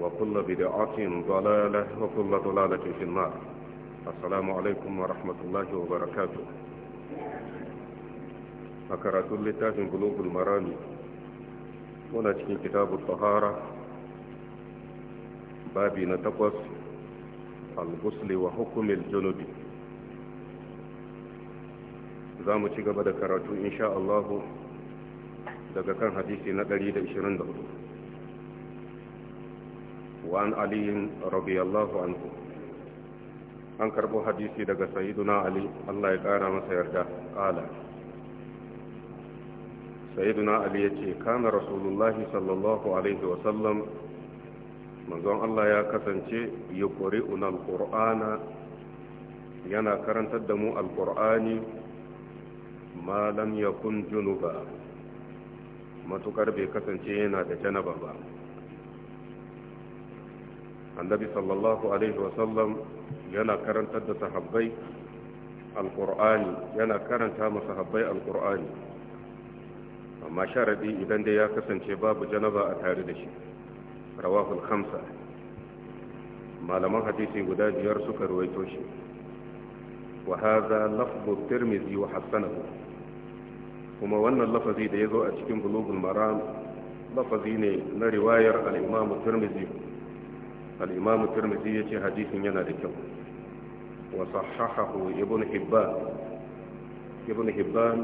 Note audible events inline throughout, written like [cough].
وكل بدعة ضلالة وكل ضلالة في النار السلام عليكم ورحمة الله وبركاته فكرة لتاج قلوب المرامي ونجي كتاب الطهارة بابي نتقص الغسل وحكم الجنوب za mu ci gaba da karatu insha Allah daga kan hadisi na 124 وعن علي رضي الله عنه an karbo hadisi daga sayyiduna ali Allah ya kara masa yarda kala sayyiduna ali yace kana rasulullahi sallallahu alaihi wa sallam manzon Allah ya kasance yuqri'una alqur'ana yana karantar da mu alqur'ani ma lam yakun ba, matukar bai kasance yana da ba annabi sallallahu alaihi wasallam yana karantar da sahabbai alkur'ani yana karanta ma sahabbai alkur'ani amma sharadi idan dai ya kasance babu janaba a tare da shi rawahul khamsa malaman hadisi guda biyar suka ruwaito shi wa hadha lafdhu tirmidhi wa hasanahu kuma wannan lafazi da yazo a cikin bulugul maram lafazi ne na riwayar al-imam tirmidhi al-imam tirmidhi yace hadisin yana da kyau wa sahahahu ibn ibn hibban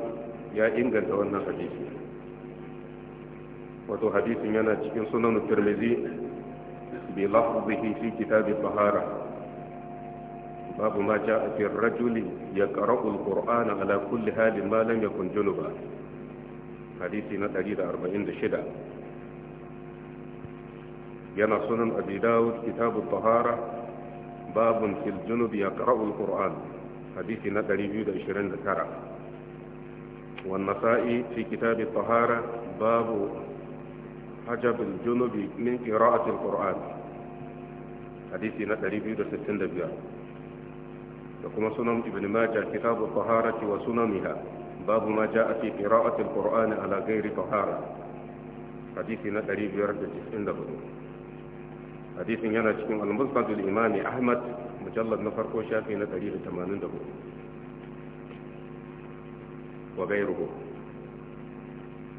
ya inganta wannan hadisi wato hadisin yana cikin sunan tirmidhi bi lafzihi fi kitab al babu ma jaa fi ar-rajuli yaqra'u al-qur'ana ala kulli halin ma lam yakun junuba hadisi na 146 yana sunan abi dawud kitabu tahara babun fil junub yaqra'u al-qur'an hadisi na 229 wan nasa'i fi kitab tahara babu hajab al-junub min qira'ati al-qur'an hadisi na 265 da kuma sunan ibn majah kitabu taharati wa sunaniha babu ma jaa fi qira'ati alqur'ani ala ghairi tahara hadisi na 594 hadisin yana cikin al-musnad ahmad Mujallar na farko shafi na 184 wa gairuhu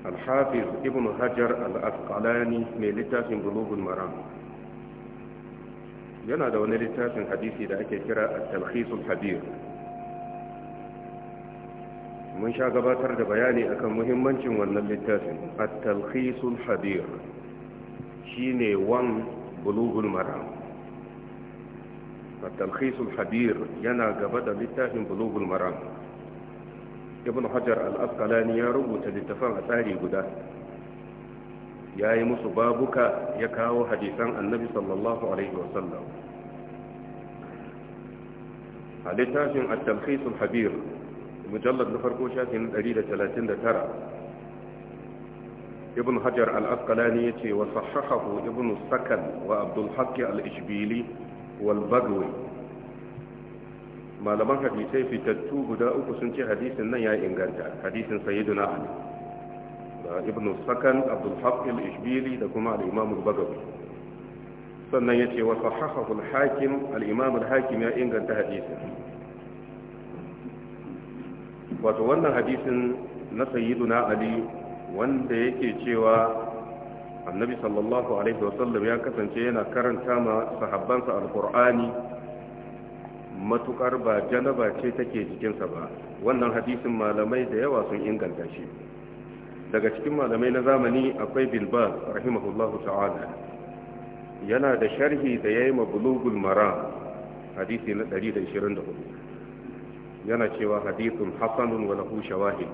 al-hafiz ibn hajar al-asqalani mai littafin bulughul maram yana da wani littafin hadisi da ake kira at-talkhis habir mun sha gabatar da bayani akan muhimmancin wannan littafin at-talkhis al-habir shine wan bulugul habir yana gaba da littafin bulugul maram ibn hajar al askalani ya rubuta littafin a tsari guda ya yi musu babuka ya kawo hadisan annabi sallallahu alaihi wasallam a littafin at-talkhisul habir mujallad na farko shafin tara. ibn hajar al-asqalani ya ce wa sahahahu ibn sakan wa abdul haqq al-ishbili wal bagwi malaman hadisai fitattu guda uku sun ce hadisin nan ya inganta hadisin sayyiduna ali da ibn sakan abdul haqq al-ishbili da kuma al-imam al-bagawi sannan yace wa sahahahu al-hakim al-imam al-hakim ya inganta hadisin wato wannan hadisin na sayyiduna ali wanda yake cewa annabi sallallahu alaihi wasallam ya kasance yana karanta ma sahabbansa alkur'ani matukar ba janaba ce take jikinsa ba wannan hadisin malamai da yawa sun inganta shi daga cikin malamai na zamani akwai bilbal rahimahullahu ta'ala yana da sharhi da ya yi mabulugul mara hadisi na 124 yana cewa hadisun hassanun wa lahu shawahid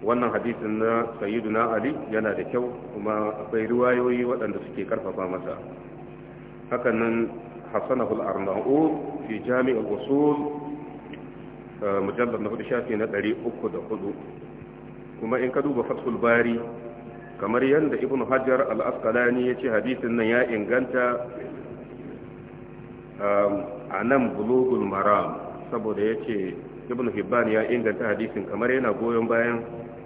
wannan hadisin na sayyiduna ali yana da kyau kuma akwai riwayoyi waɗanda suke karfafa masa Hakanan nan hasanahu al-arna'u fi jami' al-usul eh, na hudu shafi na 304 kuma in ka duba fathul bari kamar yadda ibn hajar al-asqalani ya ce hadisin nan ya inganta eh, a nan bulugul maram saboda ya ce ibn hibban ya inganta hadisin kamar yana goyon bayan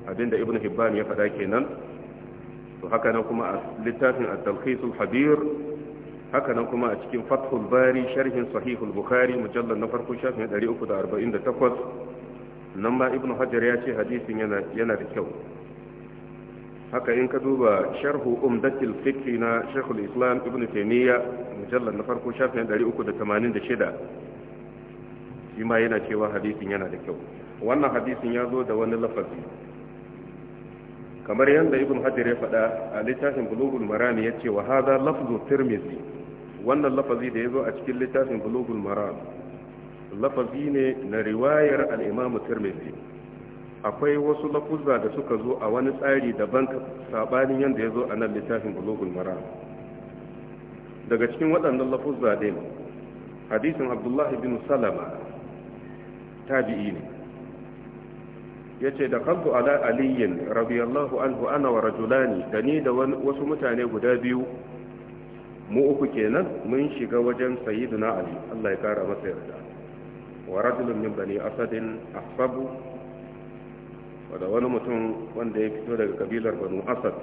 abinda ibn hibban ya faɗa kenan to haka nan kuma a littafin at-talqisul habir haka nan kuma a cikin fathul bari sharhin sahihul bukhari mujallal na farko shafin 348 nan ma ibn hajar ya ce hadisin yana yana da kyau haka in ka duba sharhu umdatil fiqh na shaykhul islam ibn taymiya mujallal na farko shafin 386 shi ma yana cewa hadisin yana da kyau wannan hadisin ya zo da wani lafazi kamar yadda ibn hajar ya faɗa a littafin bulugul marami ya ce wa haza lafzu tirmizi wannan lafazi da ya zo a cikin littafin bulugul marami lafazi ne na riwayar al'imamu tirmizi akwai wasu lafuzza da suka zo a wani tsari daban sabanin yadda ya zo a nan littafin bulugul marami daga cikin waɗannan lafuzza ɗin hadisin abdullahi bin salama tabi'i ne Ya ce da kantu ala aliyin radiyallahu anhu ana wa rajulani da ni da wasu mutane guda biyu mu uku kenan mun shiga wajen sayyiduna ali Allah ya kara masa yarda wa rajulun min bani asadin ahsabu da wani mutum wanda ya fito daga kabilar banu asad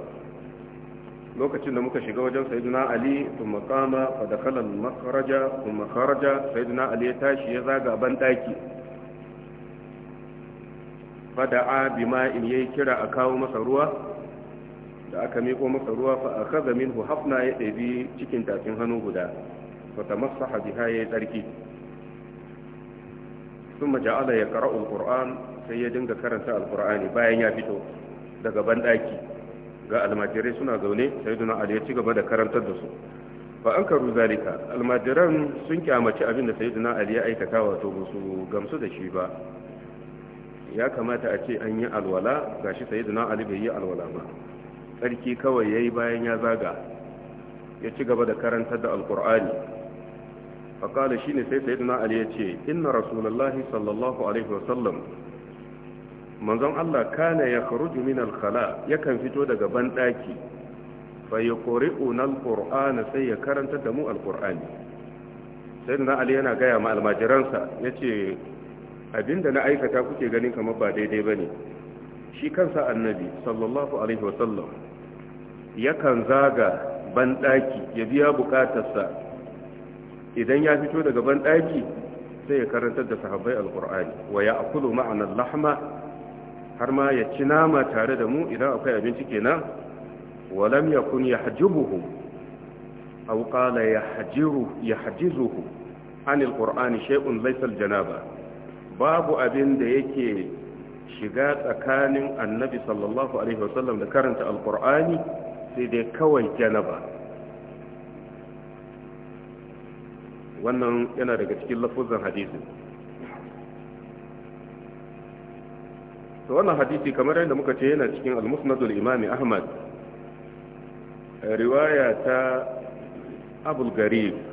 lokacin da muka shiga wajen sayyiduna ali sun makama fa da al-makhraja kuma kharaja sayyiduna ali ya tashi ya zaga ban daki fada'a bima in yayi kira a kawo masa ruwa da aka miko masa ruwa fa akhadha minhu hafna ya dabi cikin tafin hannu guda fa tamassaha biha yayi tsarki thumma ja'ala ya al alquran sai ya dinga karanta alqurani bayan ya fito daga bandaki ga almajirai suna zaune sayyiduna ali ya ci gaba da karantar da su fa an karu zalika almajiran sun kyamaci abin da sayyiduna ali ya aikata wato ba su gamsu da shi ba ya kamata a ce an yi alwala gashi sai da bai yi alwala ba tsarki kawai ya yi bayan ya zaga ya ci gaba da karantar da alkur'ani faƙala shi ne sai sai ali ya ce inna rasulallahi sallallahu alaihi wasallam manzon allah kana ya faruju min alkhala yakan fito daga banɗaki fayi ƙuri'un alkur'ana sai ya karantar da mu alkur'ani sai ali yana gaya ma almajiransa ya ce abinda na aikata kuke ganin kamar ba daidai bane shi kansa annabi sallallahu alaihi wasallam yakan zaga banɗaki ya biya bukatarsa idan ya fito daga banɗaki sai ya karantar da sahabbai alkur'ani wa ya akulu ma'anar lahma har ma ya ci nama tare da mu idan akwai abinci kenan walam yakun kun ya hajjibuhu au ƙala ya hajjiruhu an alkur'ani shai'un laisal janaba babu abin da yake shiga tsakanin annabi sallallahu alaihi wasallam da karanta alkur'ani sai dai kawai janaba wannan yana daga cikin lafuzan hadisi to wannan hadisi kamar yadda muka ce yana cikin al-musnadul imami ahmad riwaya ta abul garib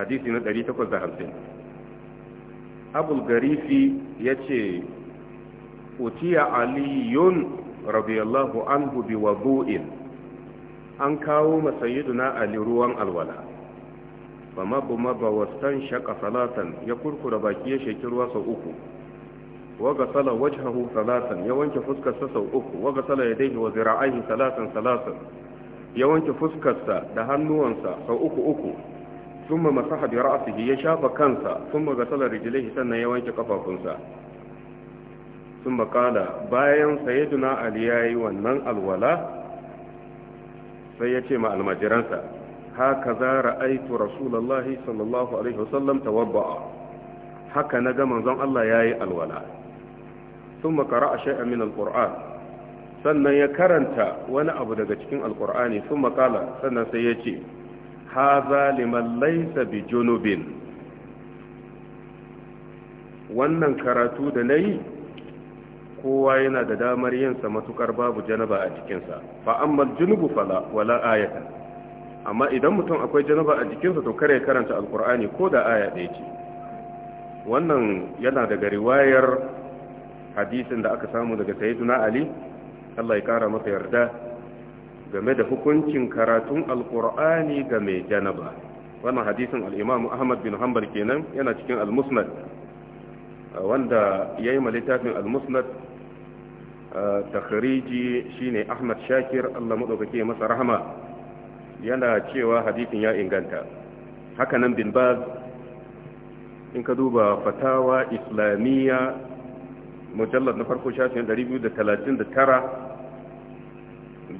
hadisi na 850 abul garifi ya ce utiya aliyun an anhu wa bu'in an kawo masayiduna ali ruwan alwala ba mabuma ba wastan shaka salatan ya kurkura baki ya sheki ruwa sau uku waga sala wajhahu salatan ya wanke fuskarsa sau uku waga sala daidai wa zira'ahi salatan salatan ya wanke fuskarsa da hannuwansa sau uku uku ثم مسح برأسه يشاف كنسا ثم غسل رجليه سنة يوانك قفافنسا ثم قال باين سيدنا علي ونن الولا سيتي مع المجرنسا هكذا رأيت رسول الله صلى الله عليه وسلم توضأ haka na ga manzon Allah ya yi alwala sun makara a sha'amin alƙur'an sannan ya karanta wani abu daga cikin alƙur'ani sun makala sannan sai ya ce haza liman laisa bi junubin wannan karatu da na yi kowa yana da damar yinsa matukar babu janaba a jikinsa amma junubu fala wala ayata amma idan mutum akwai janaba a jikinsa to kare karanta alkur'ani ko da aya ɗaya ce wannan yana daga riwayar hadisin da aka samu daga sayyiduna ali Allah ya kara masa yarda game da hukuncin karatun alkur'ani ga mai janaba wannan hadisin al'imamu ahmad bin hanbal kenan yana cikin almusnad uh, wanda ya yi littafin almusnad musnad uh, takhariji shine ahmad shakir allah maɗaukake masa rahama yana cewa hadisin ya inganta hakanan bin baz in ka duba fatawa islamiyya mujallar na farko shafin 239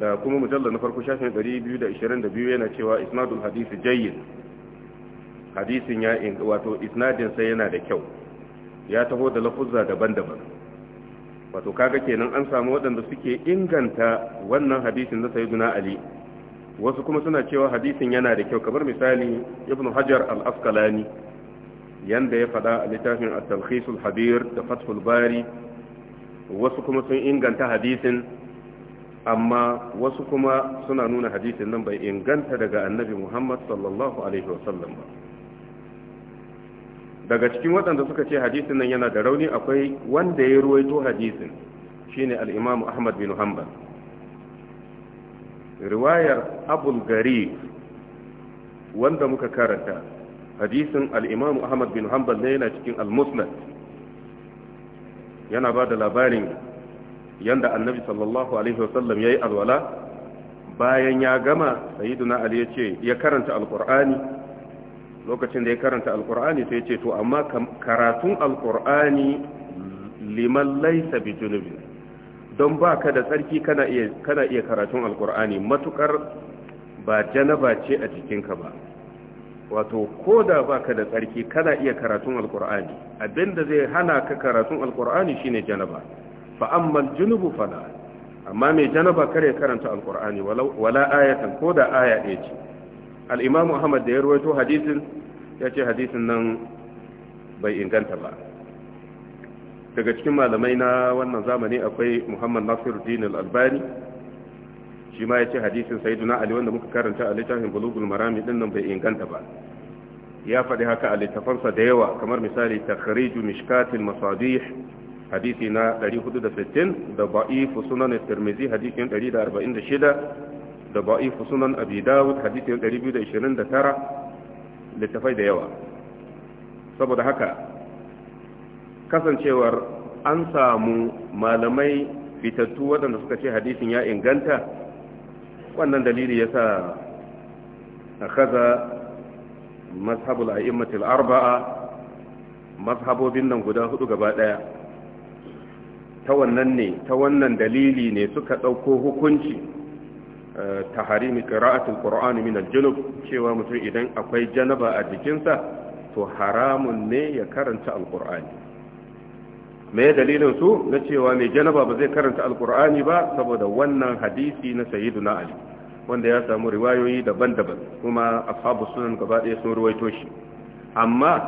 da kuma mujallar na farko shafin 222 yana cewa isnadul hadisi jayyid hadisin ya wato isnadin sai yana da kyau ya taho da lafuzza daban-daban wato kaga kenan an samu waɗanda suke inganta wannan hadisin na sayyiduna ali wasu kuma suna cewa hadisin yana da kyau kamar misali ibn hajar al-asqalani yanda ya faɗa a littafin at-talkhisul habir da fathul bari wasu kuma sun inganta hadisin amma wasu kuma suna nuna hadisin nan bai inganta daga annabi muhammad sallallahu alaihi wasallam ba daga cikin waɗanda suka ce hadisin nan yana da rauni akwai wanda ya ruwaito hadisin shine al ahmad bin hanbal riwayar abul wanda muka karanta hadisin al'imam ahmad bin hanbal ne yana cikin al-musnad yana ba da labarin yanda annabi sallallahu alaihi wasallam yayi alwala bayan ya gama sayyiduna ali ya ce ya karanta alqur'ani lokacin da ya karanta alqur'ani sai yace ce to amma karatun alqur'ani liman laysa bijunubin don baka da tsarki kana iya kana iya karatun alqur'ani matukar ba janaba ce a jikinka ba wato ko da baka da tsarki kana iya karatun alqur'ani abinda zai hana ka karatun alqur'ani shine janaba fa ammal junubu fala amma mai janaba kare karanta alkur'ani wala ayatan ko da aya ɗaya ce al da ya rawaito hadisin ce hadisin nan bai inganta ba daga cikin malamai na wannan zamani akwai muhammad nasiruddin al-albani shi ma ce hadisin sayyiduna ali wanda muka karanta a littafin bulugul marami din nan bai inganta ba ya faɗi haka a littafansa da yawa kamar misali takhriju mishkatil masadih hadisi na 460 da ba'ifu sunan tirmizi hadisin 146 da ba'ifu sunan abi dawud hadisin 229 littafai da yawa saboda haka kasancewar an samu malamai fitattu waɗanda suka ce hadisin ya inganta wannan dalili ya sa a kaza mazhabul a'immatul arba'a mazhabobin nan guda hudu gaba ɗaya ta wannan ne ta wannan dalili ne suka ɗauko hukunci eh, ta harimi ƙira'atul ƙura'ani min aljunub cewa mutum idan akwai janaba a jikinsa to haramun ne ya karanta alƙur'ani me dalilin su na cewa mai janaba ba zai karanta alƙur'ani ba saboda wannan hadisi na sayyiduna ali wanda ya samu riwayoyi daban-daban kuma ashabu sunan gaba ɗaya sun ruwaito shi amma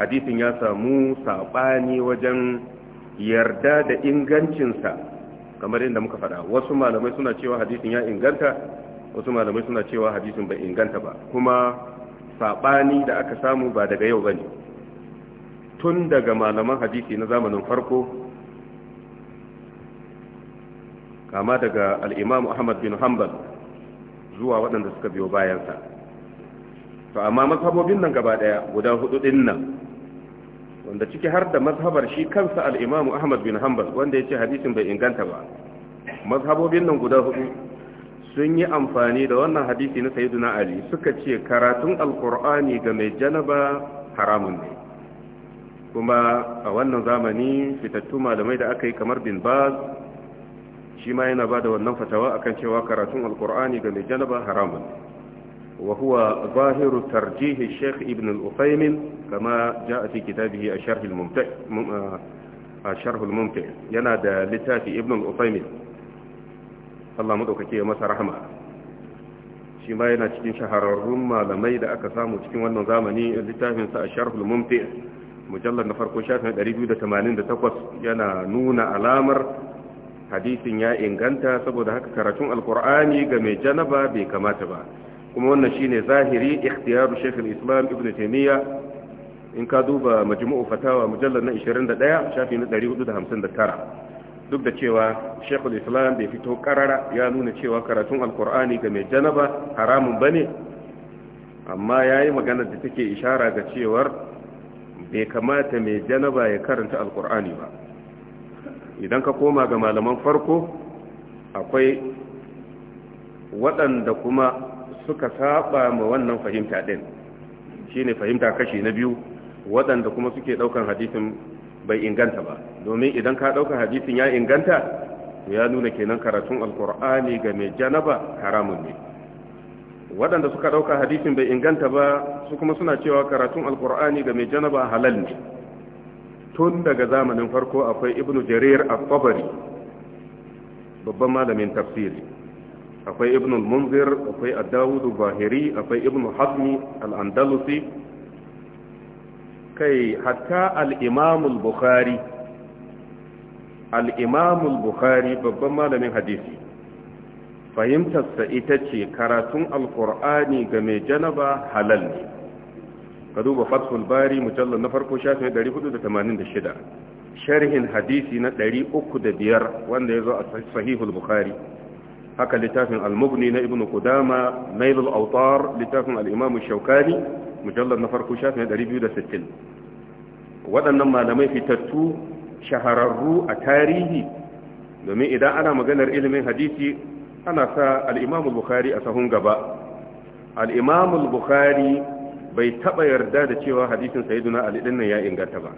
hadisin ya samu saɓani wajen yarda da ingancinsa kamar yadda muka faɗa wasu malamai suna cewa hadisin ya inganta wasu malamai suna cewa hadisin bai inganta ba kuma saɓani da aka samu ba daga yau ba ne tun daga malaman hadisi na zamanin farko kama daga al'imamu ahmad bin hanbal zuwa waɗanda suka biyo bayansa to amma mazhabobin nan gaba ɗaya guda hudu ɗin nan wanda ciki har da mazhabar shi kansa al'imamu ahmad bin hanbal wanda ya ce hadisin bai inganta ba mazhabobin nan guda hudu sun yi amfani da wannan hadisi na sayyiduna ali suka ce karatun alkur'ani ga mai janaba haramun ne kuma a wannan zamani fitattu malamai da aka yi kamar bin baz shi ma yana ba da wannan fatawa akan cewa karatun alkur'ani ga mai janaba haramun ne وهو ظاهر ترجيح الشيخ ابن الأثيم كما جاء في كتابه الشرح الممتع الشرح الممتع ينادى لتاتي ابن الأثيم الله مدوكك يا مسا رحمة shi ma yana cikin shahararrun malamai da aka samu cikin wannan zamani littafinsa a sharhul mujallar na farko shafin 288 yana nuna alamar hadisin ya inganta saboda haka karatun alkur'ani ga mai janaba bai kamata ba kuma wannan shine zahiri ikhtiyar shaykh al-islam ibn taymiya in ka duba majmu'u fatawa mujallar na 21 shafi na 459 duk da cewa shaykh al-islam bai fito karara ya nuna cewa karatun alkur'ani ga mai janaba haramun bane amma yayi magana da take ishara ga cewar bai kamata mai janaba ya karanta alkur'ani ba idan ka koma ga malaman farko akwai waɗanda kuma suka saba ma wannan fahimta din shine fahimta kashi na biyu waɗanda kuma suke ɗaukan hadisin bai inganta ba domin idan ka ɗaukan hadisin ya inganta ya nuna kenan karatun alkur'ani ga mai janaba haramun ne waɗanda suka dauka hadisin bai inganta ba su kuma suna cewa karatun alkur'ani ga mai janaba halal ne tun daga zamanin farko akwai ibnu jarir al-tabari babban malamin tafsiri akwai ibn al-munzir akwai ad bahiri akwai ibn hazmi al-andalusi kai hatta al-imam al-bukhari al-imam al-bukhari babban malamin hadisi sa ita ce karatun alkur'ani ga mai janaba halal ne ka duba bari mujallar na farko shafin 486 sharhin hadisi na 305 wanda ya zo a sahihul bukhari haka littafin al-mughni na ibnu qudama nailul awtar littafin al-imam shaukani mujallar na farko shafin 260 waɗannan malamai fitattu shahararru a tarihi domin idan ana maganar ilimin hadisi ana sa al-imam bukhari a sahun gaba al-imam bukhari bai taba yarda da cewa hadisin sayyiduna ali din ya inganta ba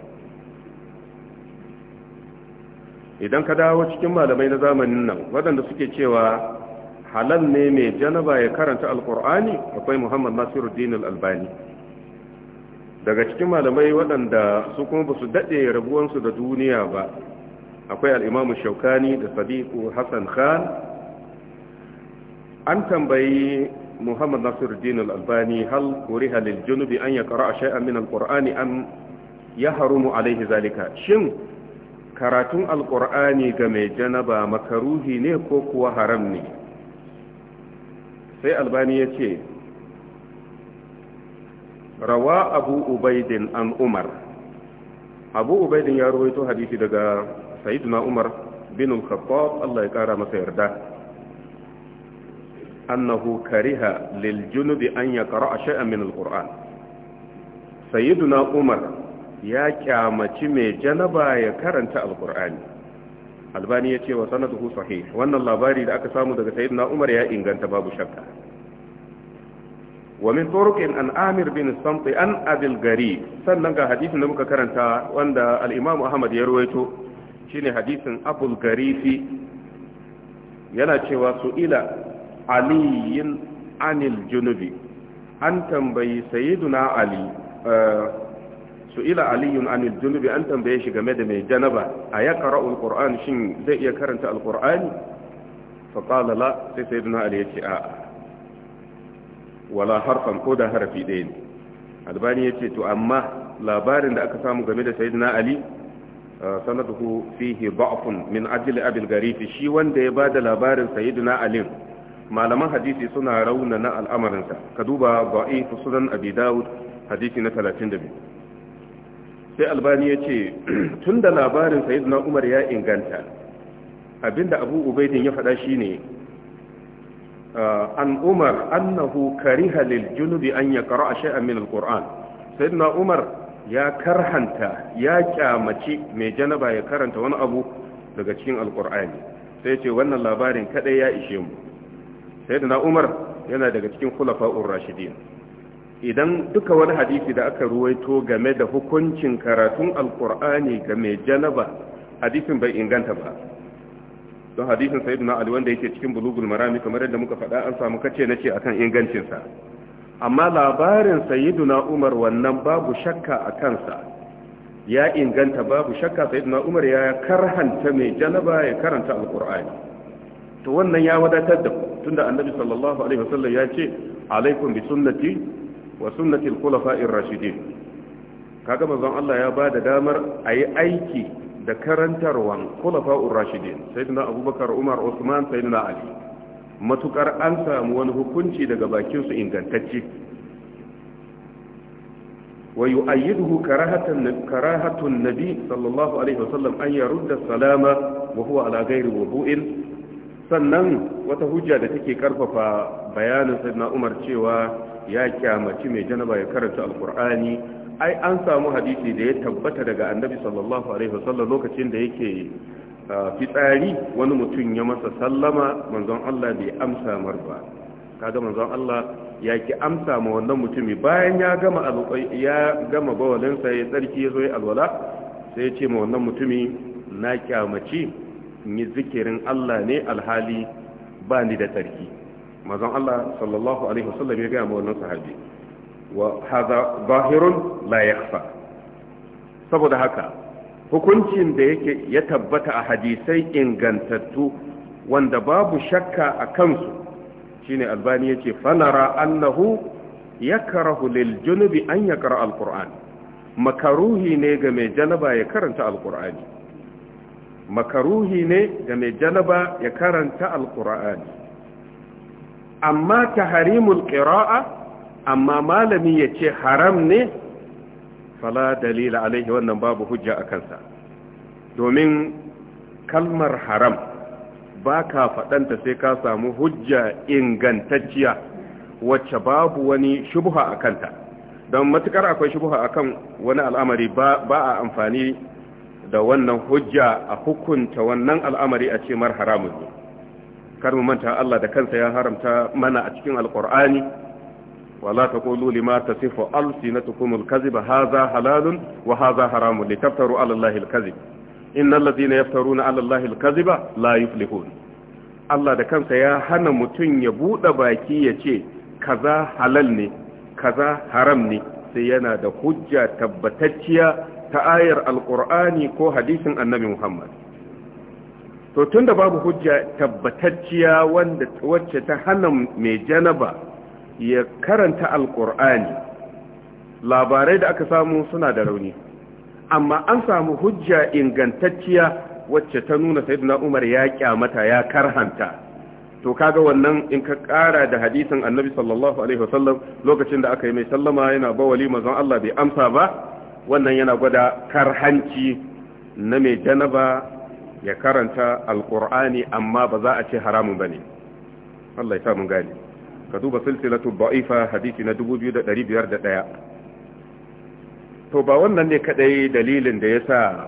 idan ka dawo cikin malamai na zamanin nan waɗanda suke cewa halal ne mai janaba ya karanta alkur'ani akwai muhammad Nasiru dinul albani daga cikin malamai waɗanda su kuma ba su daɗe rabuwansu da duniya ba akwai al'imamu shaukani da sadiku hassan khan an tambayi muhammad Nasiru dinul albani hal kuri halil junubi an ya kara a sha'an min alkur'ani an ya harumu alaihi zalika shin karatun alkur'ani ga mai janaba makaruhi ne ko kuwa haram ne sai albani ya ce rawa abu ubaidin an umar abu ubaidin ya rawaito hadisi daga sayyiduna umar bin al-khattab Allah ya kara masa yarda annahu kariha lil junubi an yaqra shay'an min al sayiduna umar ya kyamaci mai janaba ya karanta alkur'ani albani ya ce wa sanaduhu sahi, wannan labari da aka samu daga sayyidina umar ya inganta babu shakka wa min turuqin an amir bin samti an abil gari sannan ga hadisin da muka karanta wanda al-imam ahmad ya rawaito shine hadisin abul garifi yana cewa su'ila aliyin anil junubi an tambayi sayyiduna ali eh, su'ila aliyun anil junubi an tambaye shi game da mai janaba a ya qara'ul qur'an shin zai iya karanta alkur'ani fa qala la sai sayyidina ali yace a wala harfan ko da harfi ɗaya ne albani yace to amma labarin da aka samu game da sayyidina ali sanaduhu fihi da'fun min ajli abil garifi shi wanda ya bada labarin sayyidina ali malaman hadisi suna raunana al'amarinsa ka duba ba'ifu sunan abi dawud hadisi na 32 sai albani ya ce [clears throat] tun da labarin sayidina umar ya inganta abinda abu ubaidin ya faɗa shi ne an umar annahu kariha lil junubi an ya ƙara a sha'an min al-ƙur'an umar ya karhanta ya kyamaci mai janaba ya karanta wani abu daga cikin alƙur'ani sai ce wannan labarin kaɗai ya ishe mu sayidina umar yana daga cikin kulafa'ur rashidin idan duka wani hadisi da aka ruwaito game da hukuncin karatun alkur'ani ga mai janaba hadisin bai inganta ba don hadisin sayidu na ali wanda yake cikin bulugul marami kamar yadda muka faɗa an samu kace na ce akan ingancinsa amma labarin sayidu na umar wannan babu shakka a kansa ya inganta babu shakka sayidu na umar ya karhanta mai janaba ya karanta alkur'ani to wannan ya wadatar da tunda annabi sallallahu alaihi wasallam ya ce alaikum bi sunnati wa sunnatil khulafa'ir rashidin kaga manzon Allah ya bada damar ayi aiki da karantarwan khulafa'ur rashidin sayyidina Abubakar Umar Usman sayyidina Ali matukar an samu wani hukunci daga bakin su ingantacce wa yu'ayyiduhu karahatan karahatun nabi sallallahu alaihi wasallam an yarudda salama wa huwa ala ghairi wudu'in sannan wata hujja da take karfafa bayanin sayyidina Umar cewa ya kyamaci mai janaba ya karanta alkur'ani ai an samu hadisi da ya tabbata daga annabi sallallahu alaihi wasallam lokacin da yake fitsari wani mutum ya masa sallama manzon Allah bai amsa mar ba kaga manzon Allah ya ki amsa ma wannan mutumi bayan ya gama ya gama bawalin sa ya tsarki ya zo ya alwala sai ya ce ma wannan mutumi na kyamaci ni zikirin Allah ne alhali ba ni da tsarki mazan Allah sallallahu alaihi wasallam ya gaya ma wannan sahabi wa hadha zahirun la yakhfa saboda haka hukuncin da yake ya tabbata a hadisai ingantattu wanda babu shakka a kansu shine albani yace fanara annahu yakrahu lil junubi an yaqra alquran makaruhi ne ga mai janaba ya karanta alqurani makaruhi ne ga mai janaba ya karanta alqurani amma tahrimul ƙira'a amma malami ya ce haram ne fala dalila alaihi wannan babu hujja a kansa domin kalmar haram ba ka faɗanta sai ka samu hujja ingantacciya wacce babu wani shubha a kanta don matukar akwai shubha akan wani al'amari ba a amfani da wannan hujja a hukunta wannan al'amari a ce mar haramun ne kar mu manta Allah da kansa ya haramta mana a cikin alqur'ani wala taqulu lima tasifu alsinatukum alkazib hadha halalun wa hadha haramun litaftaru ala allahi alkazib innal ladhina yaftaruna ala allahi alkaziba la yuflihun Allah da kansa ya hana mutum ya bude baki ya ce kaza halal ne kaza haram ne sai yana da hujja tabbatacciya ta ayar alqur'ani ko hadisin annabi Muhammad to tun da babu hujja tabbatacciya wanda wacce ta hana mai janaba ya karanta alkur'ani labarai da aka samu suna da rauni amma an samu hujja ingantacciya wacce ta nuna sayyidina umar ya kyamata ya karhanta to kaga wannan in ka kara da hadisin annabi sallallahu alaihi wasallam lokacin da aka yi mai sallama yana bawali mazan Allah bai amsa ba wannan yana gwada karhanci na mai janaba ya karanta Alƙur'ani amma ba za a ce haramun ne. Allah ya sa gane ka duba silsilatu Ba'ifa hadisi na 2501 to ba wannan ne kadai dalilin da ya sa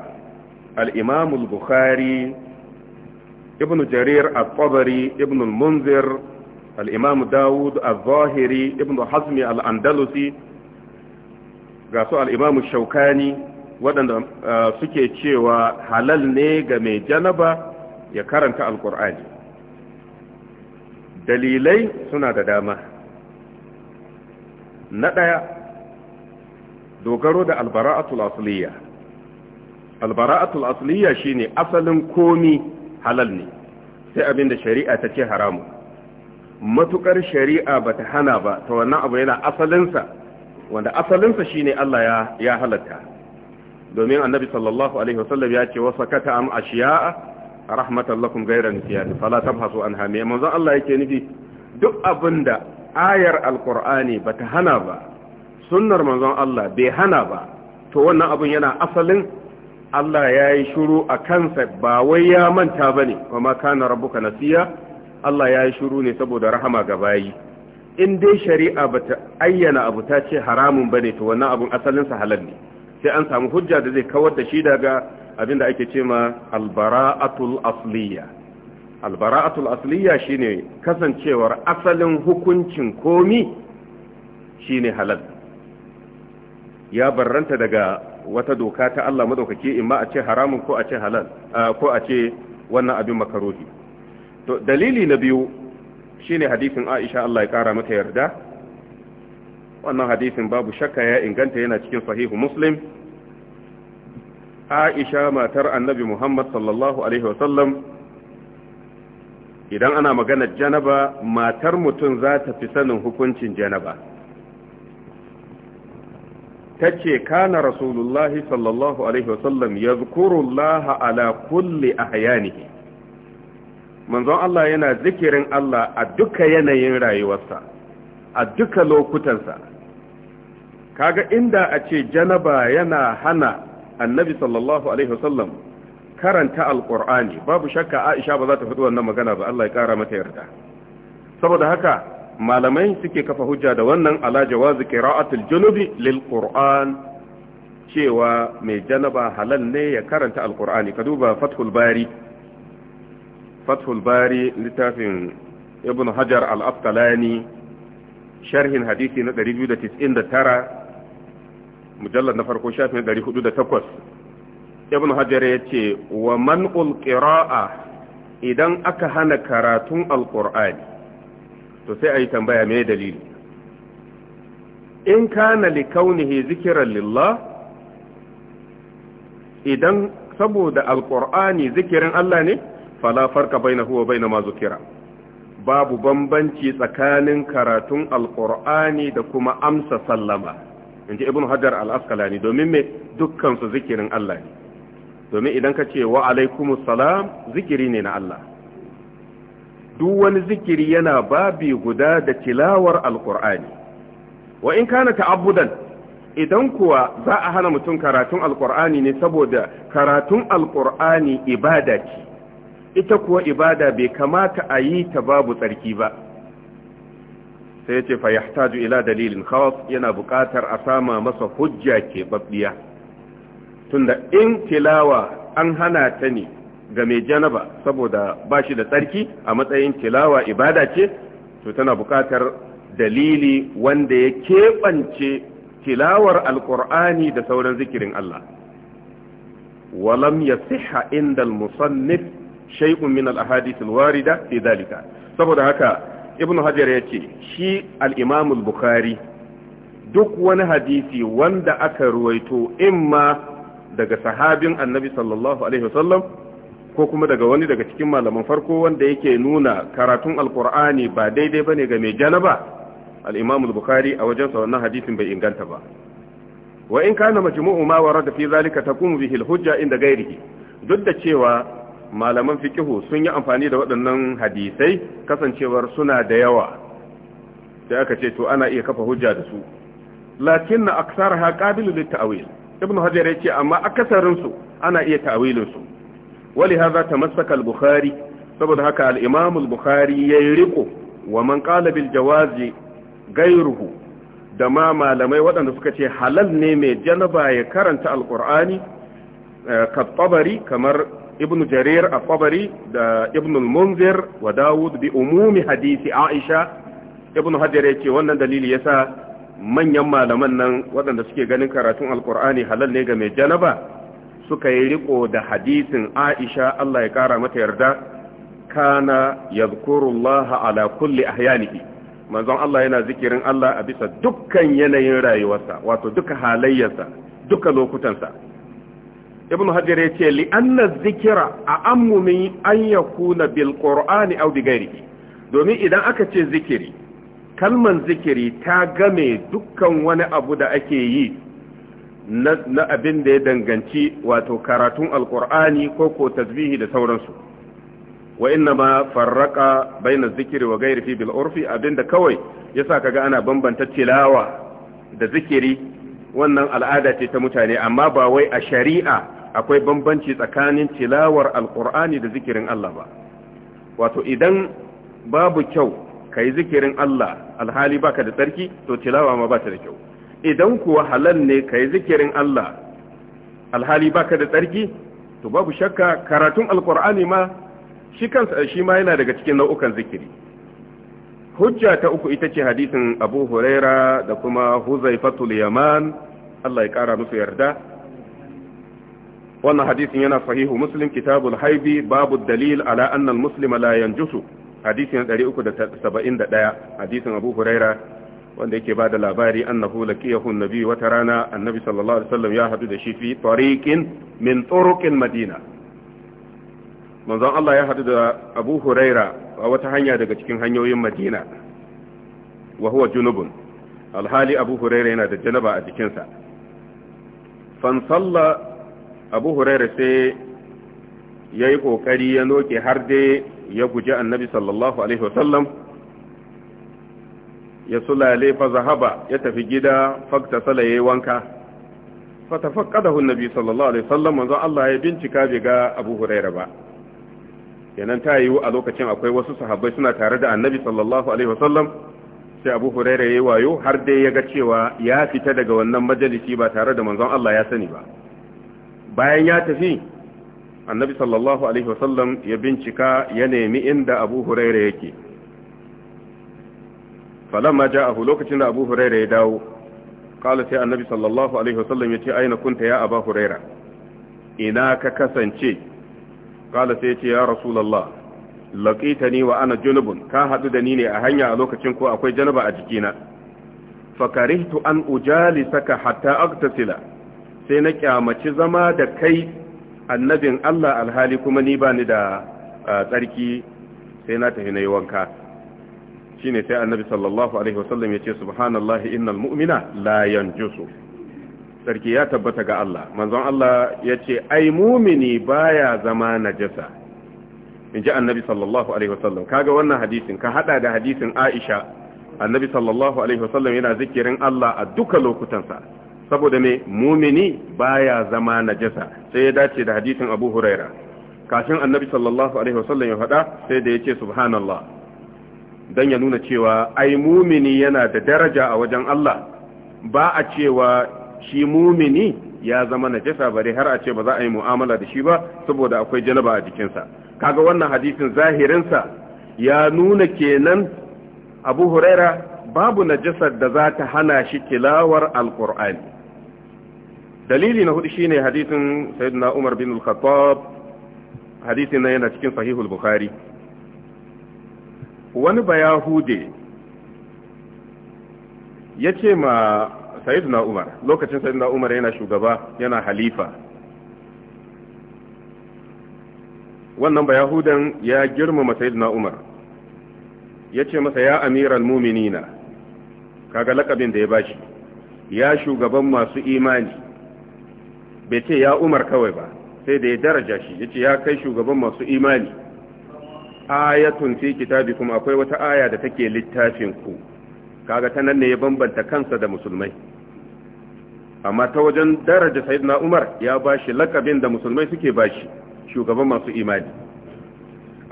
imam bukhari ibn Jarir al-Tabari ibn munzir al Dawud al-Zahiri ibn Hazm al-Andalusi ga su al-Imam waɗanda uh, suke cewa halal ne ga mai janaba ya karanta alkur'ani dalilai suna da dama na ɗaya dogaro da albara'atul asliya albara'atul asliya shine asalin komi halal ne sai abinda shari'a ta ce haramu matukar shari'a bata hana ba ta wannan abu yana asalinsa wanda asalinsa shine Allah ya halatta domin annabi sallallahu alaihi wasallam ya ce wasu kata am ashiya'a rahmatan lakum ghayra nisyan fala tabhasu anha me manzo Allah yake nufi duk abinda ayar alqur'ani bata hana ba sunnar manzon Allah bai hana ba to wannan abun yana asalin Allah ya yi shuru a kansa ba wai ya manta ne kuma kana rabbuka nasiya Allah ya yi shuru ne saboda rahama ga bayi in dai shari'a bata ayyana abu ta ce haramun bane to wannan abun asalin sa halal ne sai an samu hujja da zai kawar da shi daga abin da ake ce ma albara'atul asliya albara'atul asliya shine kasancewar asalin hukuncin komi shine halal ya barranta daga wata doka ta Allah madaukake imma a ce haramun ko a ce halal ko a ce wannan abin makaruhi to dalili na biyu shine hadisin Aisha Allah ya kara mata yarda wannan hadisin babu shakka ya inganta yana cikin sahihu muslim aisha matar annabi muhammad sallallahu alaihi wasallam idan ana maganar janaba matar mutum za ta fi sanin hukuncin janaba ta ce kana rasulullahi sallallahu alaihi wasallam ya zukurullaha ala kulli ahyanihi manzon Allah yana zikirin Allah a duka yanayin rayuwarsa a duka lokutansa kaga inda a ce janaba yana hana annabi sallallahu alaihi wasallam karanta alqur'ani babu shakka Aisha ba za ta fito wannan magana ba Allah ya kara mata yarda saboda haka malamai suke kafa hujja da wannan ala jawazi qira'atul junubi lilqur'an cewa mai janaba halal ne ya karanta alqur'ani ka duba fathul bari fathul bari littafin ibn hajar al-asqalani sharhin hadisi na 299 mujallar na farko shafin 408 ibn hajar ya ce wa man qira'a idan aka hana karatun Alƙur'ani, to sai ayi tambaya me dalili in kana likaunihi zikiran lillah idan saboda Alƙur'ani zikirin Allah ne fala farka huwa baina bainama zukira babu bambanci tsakanin karatun Alƙur'ani da kuma amsa sallama in ji ibn hajar al askalani domin me dukkan su zikirin Allah ne domin idan ka ce wa alaikumus salam zikiri ne na Allah duk wani zikiri yana babi guda da tilawar alqur'ani wa in kana ta'abbudan idan kuwa za a hana mutum karatun alqur'ani ne saboda karatun alqur'ani ibada ce ita kuwa ibada bai kamata a yi ta babu tsarki ba sai ya ce fa ila dalilin khas yana buƙatar a sama masa hujja ke babbiya tunda in tilawa an hana ta ne ga mai janaba saboda ba shi da tsarki a matsayin tilawa ibada ce to tana buƙatar dalili wanda ya keɓance tilawar alƙur'ani da sauran zikirin Allah walam ya siha inda musannif shay'un min al-ahadith al-warida fi dhalika saboda haka ibn hajar ya ce shi al'imamul bukari duk wani hadisi wanda aka ruwaito imma daga sahabin annabi sallallahu alaihi wasallam ko kuma daga wani daga cikin malaman farko wanda yake nuna karatun alkur'ani ba daidai ba ne ga mai ba al'imamul bukari a wajensa wannan hadisin bai inganta ba wa in kana majmu'u ma warada fi zalika taqumu bihi al-hujja inda ghairihi duk da cewa malaman fikihu sun yi amfani da waɗannan hadisai kasancewar suna da yawa sai aka ce to ana iya kafa hujja da su lakin na aksar ha ƙabilu da ta'awil ibn hajar ya ce amma akasarinsu ana iya ta'awilinsu wali haza ta masaka al-bukhari saboda haka al-imam al-bukhari ya yi wa man qala bil jawazi gairuhu da ma malamai waɗanda suka ce halal ne mai janaba ya karanta al-qur'ani eh, ka tabari kamar ibnu jarir a tabari da ibnu munzir wa dawud bi umumi hadisi aisha ibnu hajar yace wannan dalili sa manyan malaman nan waɗanda suke ganin karatun alkur'ani halal ne ga mai janaba suka yi riko da hadisin aisha Allah ya kara mata yarda kana yadhkurullaha ala kulli ahyanihi manzon Allah yana zikirin Allah a bisa dukkan yanayin rayuwarsa wato duka halayyarsa duka lokutansa ibn hajar ya li anna zikira a ammu min an yakuna bil qur'ani aw bi domin idan aka ce zikiri kalman zikiri ta game dukkan wani abu da ake yi na abin da ya danganci wato karatun alqur'ani ko ko tasbihi da sauransu wa inna ma farraqa baina zikiri wa fi bil urfi abinda kawai yasa kaga ana bambanta tilawa da zikiri wannan al'ada ce ta mutane amma ba wai a shari'a akwai bambanci tsakanin tilawar alkur'ani da zikirin Allah ba wato idan babu kyau ka yi zikirin Allah alhali baka da tsarki to tilawa ma ba ta da kyau idan kuwa halal ne ka yi zikirin Allah alhali baka da tsarki to babu shakka karatun alkur'ani ma shi kansa shi ma yana daga cikin nau'ukan zikiri hujja ta uku ita ce hadisin Abu Huraira da kuma Huzaifatul Yaman Allah ya kara musu yarda wannan hadisin yana sahihu muslim kitabul haibi babu dalil ala annal muslima la yanjusu hadisin 371 hadisin abu huraira wanda yake bada labari annahu laqiyahu annabi wata rana annabi sallallahu alaihi wasallam ya hadu da shi fi tariqin min madina manzon Allah ya hadu da abu huraira a wata hanya daga cikin hanyoyin madina wa huwa junubun alhali abu huraira yana da janaba a jikinsa fan salla abu huraira sai ya yi ƙoƙari ya noke har dai ya guji annabi sallallahu alaihi wasallam ya sulale fa zahaba ya tafi gida fakta sala ya yi wanka fa tafaqqadahu annabi sallallahu alaihi wasallam manzo Allah ya bincika bai ga Abu Hurairah ba kenan ta yiwu a lokacin akwai wasu sahabbai suna tare da annabi sallallahu alaihi wasallam sai Abu ya yi wayo har dai ya ga cewa ya fita daga wannan majalisi ba tare da manzon Allah ya sani ba bayan ya tafi annabi sallallahu alaihi wasallam ya bincika ya nemi inda abu huraira yake falamma ja'ahu lokacin da abu huraira ya dawo qala sai annabi sallallahu alaihi wasallam yace aina kunta ya abu huraira ina ka kasance qala sai yace ya rasulullah laqitani wa ana junubun ka hadu da ni ne a hanya a lokacin ko akwai janaba a jikina fakarihtu an ujalisaka hatta aktasila sai na kyamaci zama da kai annabin Allah alhali kuma ni bani da tsarki sai na tafi na yi wanka shine sai annabi sallallahu alaihi wasallam ce subhanallah innal mu'mina la yanjusu sarki ya tabbata ga Allah manzon Allah yace ai mumini baya zama najasa inji annabi sallallahu alaihi wasallam kaga wannan hadisin ka hada da hadisin Aisha annabi sallallahu alaihi wasallam yana zikirin Allah a duka lokutansa saboda mai mumini baya zama najasa sai ya dace da hadisin abu huraira kafin annabi sallallahu alaihi wasallam ya faɗa sai da ya ce subhanallah dan ya nuna cewa ai mumini yana da daraja a wajen Allah ba a cewa shi mumini ya zama najasa bare har a ce ba za a yi mu'amala da shi ba saboda akwai janaba a jikinsa kaga wannan hadisin zahirinsa ya nuna kenan abu huraira babu najasar da za ta hana shi tilawar alkur'ani dalili na hudu shine hadisin sayyidina Umar bin al-Khattab hadisin nan yana cikin sahihul Bukhari wani bayahude yace ma sayyidina Umar lokacin sayyidina Umar yana shugaba yana halifa wannan bayahudan ya girmama sayyidina Umar yace masa ya amiral mu'minina kaga lakabin da ya bashi ya shugaban masu imani bai ce ya umar kawai ba sai da ya daraja shi ya ya kai shugaban masu imani ayatun fi kitabi kuma akwai wata aya da take littafin ku kaga ta nan ne ya bambanta kansa da musulmai amma ta wajen daraja sayyidina umar ya bashi lakabin da musulmai suke bashi shugaban masu imani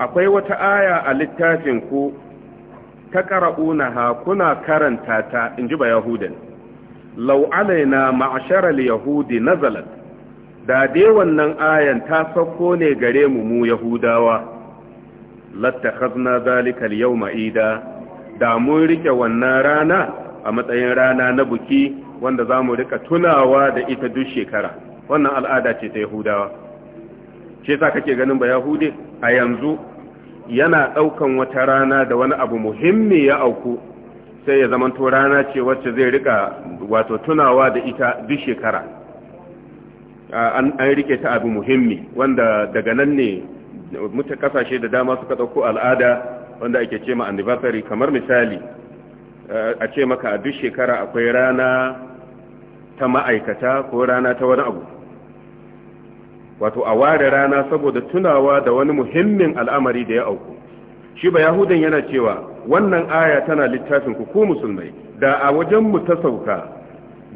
akwai wata aya a littafin ku ta ha kuna karanta ta inji ba yahudan law alaina ma'shara yahudi nazalat da dai wannan ayan ta sako ne gare mu mu yahudawa lattakhazna zalika al-yawma ida da mun rike wannan rana a matsayin rana na buki wanda za mu rika tunawa da ita duk shekara wannan al'ada ce ta yahudawa shi yasa kake ganin ba yahude a yanzu yana daukan wata rana da wani abu muhimmi ya auku sai ya zamanto rana ce wacce zai rika wato tunawa da ita duk shekara an rike ta abu muhimmi wanda daga nan ne mutu kasashe da dama suka ɗauko al'ada wanda ake ce ma anniversary kamar misali a ce maka a duk shekara akwai rana ta ma'aikata ko rana ta wani abu wato a ware rana saboda tunawa da wani muhimmin al'amari da ya auku shi ba yahudan yana cewa wannan aya tana littafin ku ku musulmai da a wajen mu ta sauka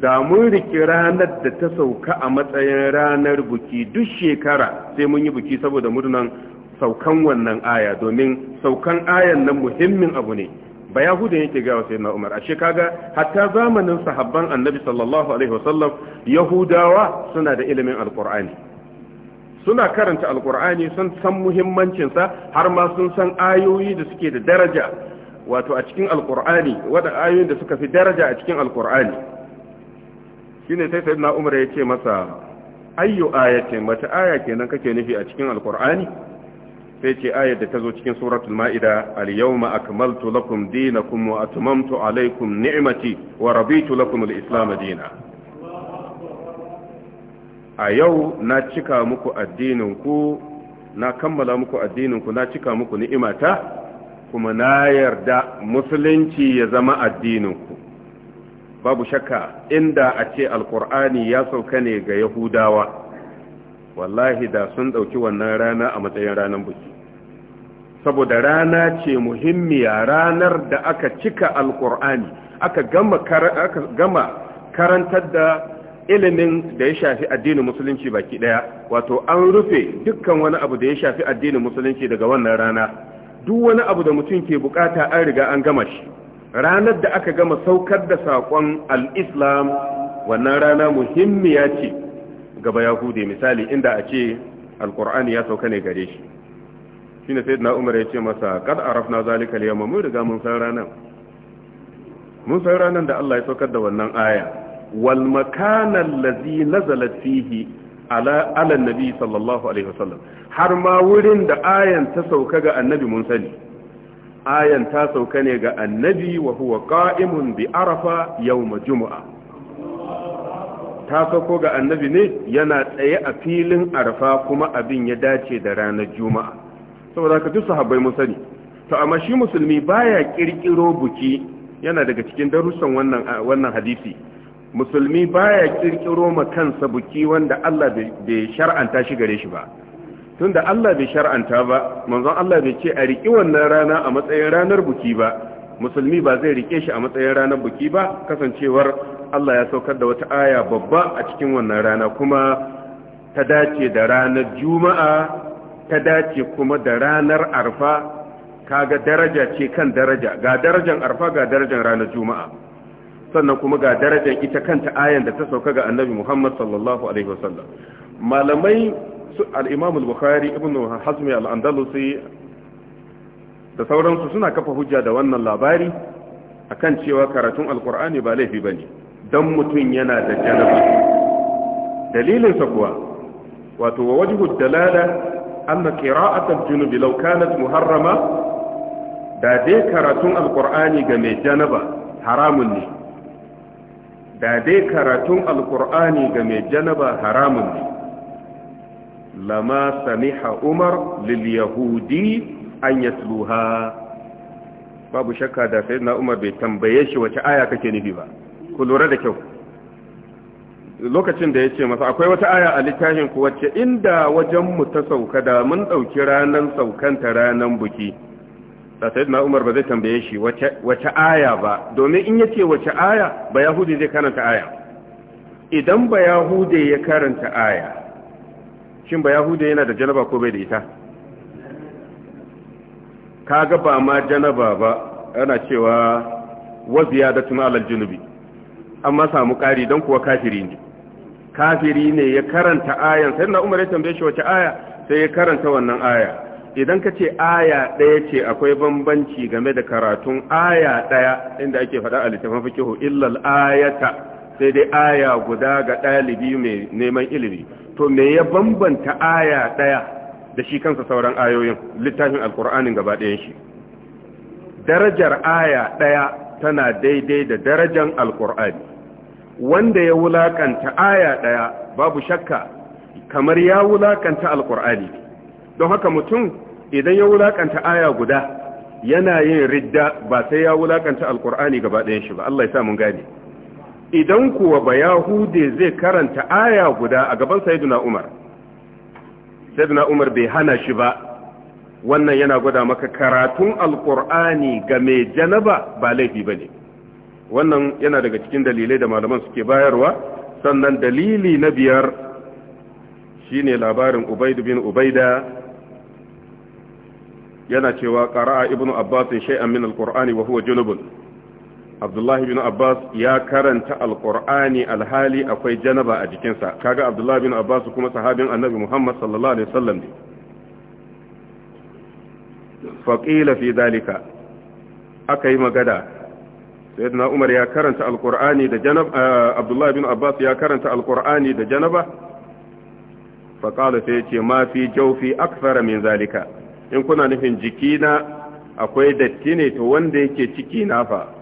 da mun riƙe ranar da ta sauka a matsayin ranar buki duk shekara sai mun yi buki saboda murnan saukan wannan aya domin saukan ayan nan muhimmin abu ne ba yahuda yake ga wasu na umar ashe kaga hatta zamanin sahabban annabi sallallahu alaihi wasallam yahudawa suna da ilimin alkur'ani suna karanta alkur'ani sun san muhimmancinsa har ma sun san ayoyi da suke da daraja wato a cikin alqur'ani wada ayoyin da suka fi daraja a cikin alkur'ani. shine sai sayyidina umar ya ce masa ayyu ayatin mata aya kenan kake nufi a cikin alqur'ani sai ce ayar da ta zo cikin suratul ma'ida al-yawma akmaltu lakum dinakum wa atmamtu alaykum ni'mati wa raditu lakum al-islam dinan a yau na cika muku addininku na kammala muku addininku na cika muku ni'imata kuma na yarda musulunci ya zama addininku babu shakka inda a ce alkur'ani ya sauka ne ga yahudawa wallahi da sun ɗauki wannan rana a matsayin ranar buki saboda rana ce muhimmiya ranar da aka cika alkur'ani aka gama karantar da ilimin da ya shafi addinin musulunci baki daya wato an rufe dukkan wani abu da ya shafi addinin musulunci daga wannan rana duk wani abu da mutum ke bukata an riga an gama shi ranar da aka gama saukar da saƙon al'islam wannan rana muhimmiya ce gaba yahudi misali inda a ce alƙur'ani ya sauka ne gare shi shi ne sayyidina umar ya ce masa kad arafna zalika al-yawma mun riga mun san ranar mun san ranar da Allah ya saukar da wannan aya wal makana allazi nazalat fihi ala ala nabi sallallahu alaihi wasallam har ma wurin da ayan ta sauka ga annabi mun sani ayan ta sauka ne ga annabi wa huwa qa'imun bi arafa yawma jumu'a ta sauko ga annabi ne yana tsaye a filin arafa kuma abin ya dace da ranar juma'a saboda ka duk sahabbai mun sani to amma shi musulmi baya kirkiro buki yana daga cikin darussan wannan wannan hadisi musulmi baya kirkiro ma kansa buki wanda Allah bai shar'anta shi gare shi ba da Allah bai shar'anta ba manzon Allah bai ce a riki wannan rana a matsayin ranar buki ba musulmi ba zai rike shi a matsayin ranar buki ba kasancewar Allah ya saukar da wata aya babba a cikin wannan rana kuma ta dace da ranar juma'a ta dace kuma da ranar arfa kaga daraja ce kan daraja ga darajar arfa ga darajar ranar juma'a sannan kuma ga darajar ita kanta ayan da ta sauka ga annabi Muhammad sallallahu alaihi wasallam malamai al-imam al-bukhari ibn hazm al da sauransu suna kafa hujja da wannan labari kan cewa karatun alkur'ani ba laifi ne don mutum yana da janaba Dalilinsa kuwa wato wa wajhu dalala anna qira'atul junubi law kanat muharrama da dai karatun alkur'ani ga mai janaba haramun ne da dai karatun alkur'ani ga mai janaba haramun ne lama samiha umar lil yahudi an yatluha babu shakka da sai na umar bai tambaye shi wace aya kake nufi ba ku lura da kyau lokacin da ya ce masa akwai wata aya a littafin ku wacce inda wajenmu ta sauka da mun ɗauki ranar saukanta ranar buki da sai na umar ba zai tambaye shi wace aya ba domin in yace wace aya ba yahudi zai karanta aya idan ba yahudi ya karanta aya shin ba yahuda yana da janaba ko bai da ita kaga ba ma janaba ba ana cewa wa ziyadatun alal junubi amma samu ƙari don kuwa kafiri ne kafiri ne ya karanta ayan sai na umar ya tambaye shi wace aya sai ya karanta wannan aya idan ka ce aya ɗaya ce akwai bambanci game da karatun aya ɗaya inda ake faɗa a littafin fikihu illal ayata sai dai aya guda ga ɗalibi mai neman ilimi to me ya bambanta aya daya da shi kansa sauran ayoyin littafin alkur'anin gaba ɗayan shi darajar aya daya tana daidai da darajar alkur'ani wanda ya wulakanta aya daya babu shakka kamar ya wulakanta alkur'ani don haka mutum idan ya wulakanta aya guda yana yin ridda ba sai ya wulakanta alkur'ani gaba ɗayan shi ba Allah ya sa mun gane idan kuwa ba yahude zai karanta aya guda a gaban sayyiduna umar sayyiduna umar bai hana shi ba wannan yana gwada maka karatun alkur'ani ga mai janaba ba laifi ba ne wannan yana daga cikin dalilai da malaman suke bayarwa sannan dalili na biyar shine labarin ubaidu bin ubaida yana cewa ƙara'a ibnu abbas shay'an min alqur'ani wa huwa junubun abdullahi bin abbas ya karanta alkur'ani alhali akwai janaba a jikinsa kaga abdullahi bin abbas kuma sahabin annabi muhammad sallallahu alaihi wasallam ne faƙila fi dalika aka yi magana sayyidina umar ya karanta alkur'ani da janaba eh, abdullahi bin abbas ya karanta alkur'ani da janaba faƙala sai ce ma fi jaufi akthara min zalika in kuna nufin jikina akwai datti ne to wanda yake ciki na fa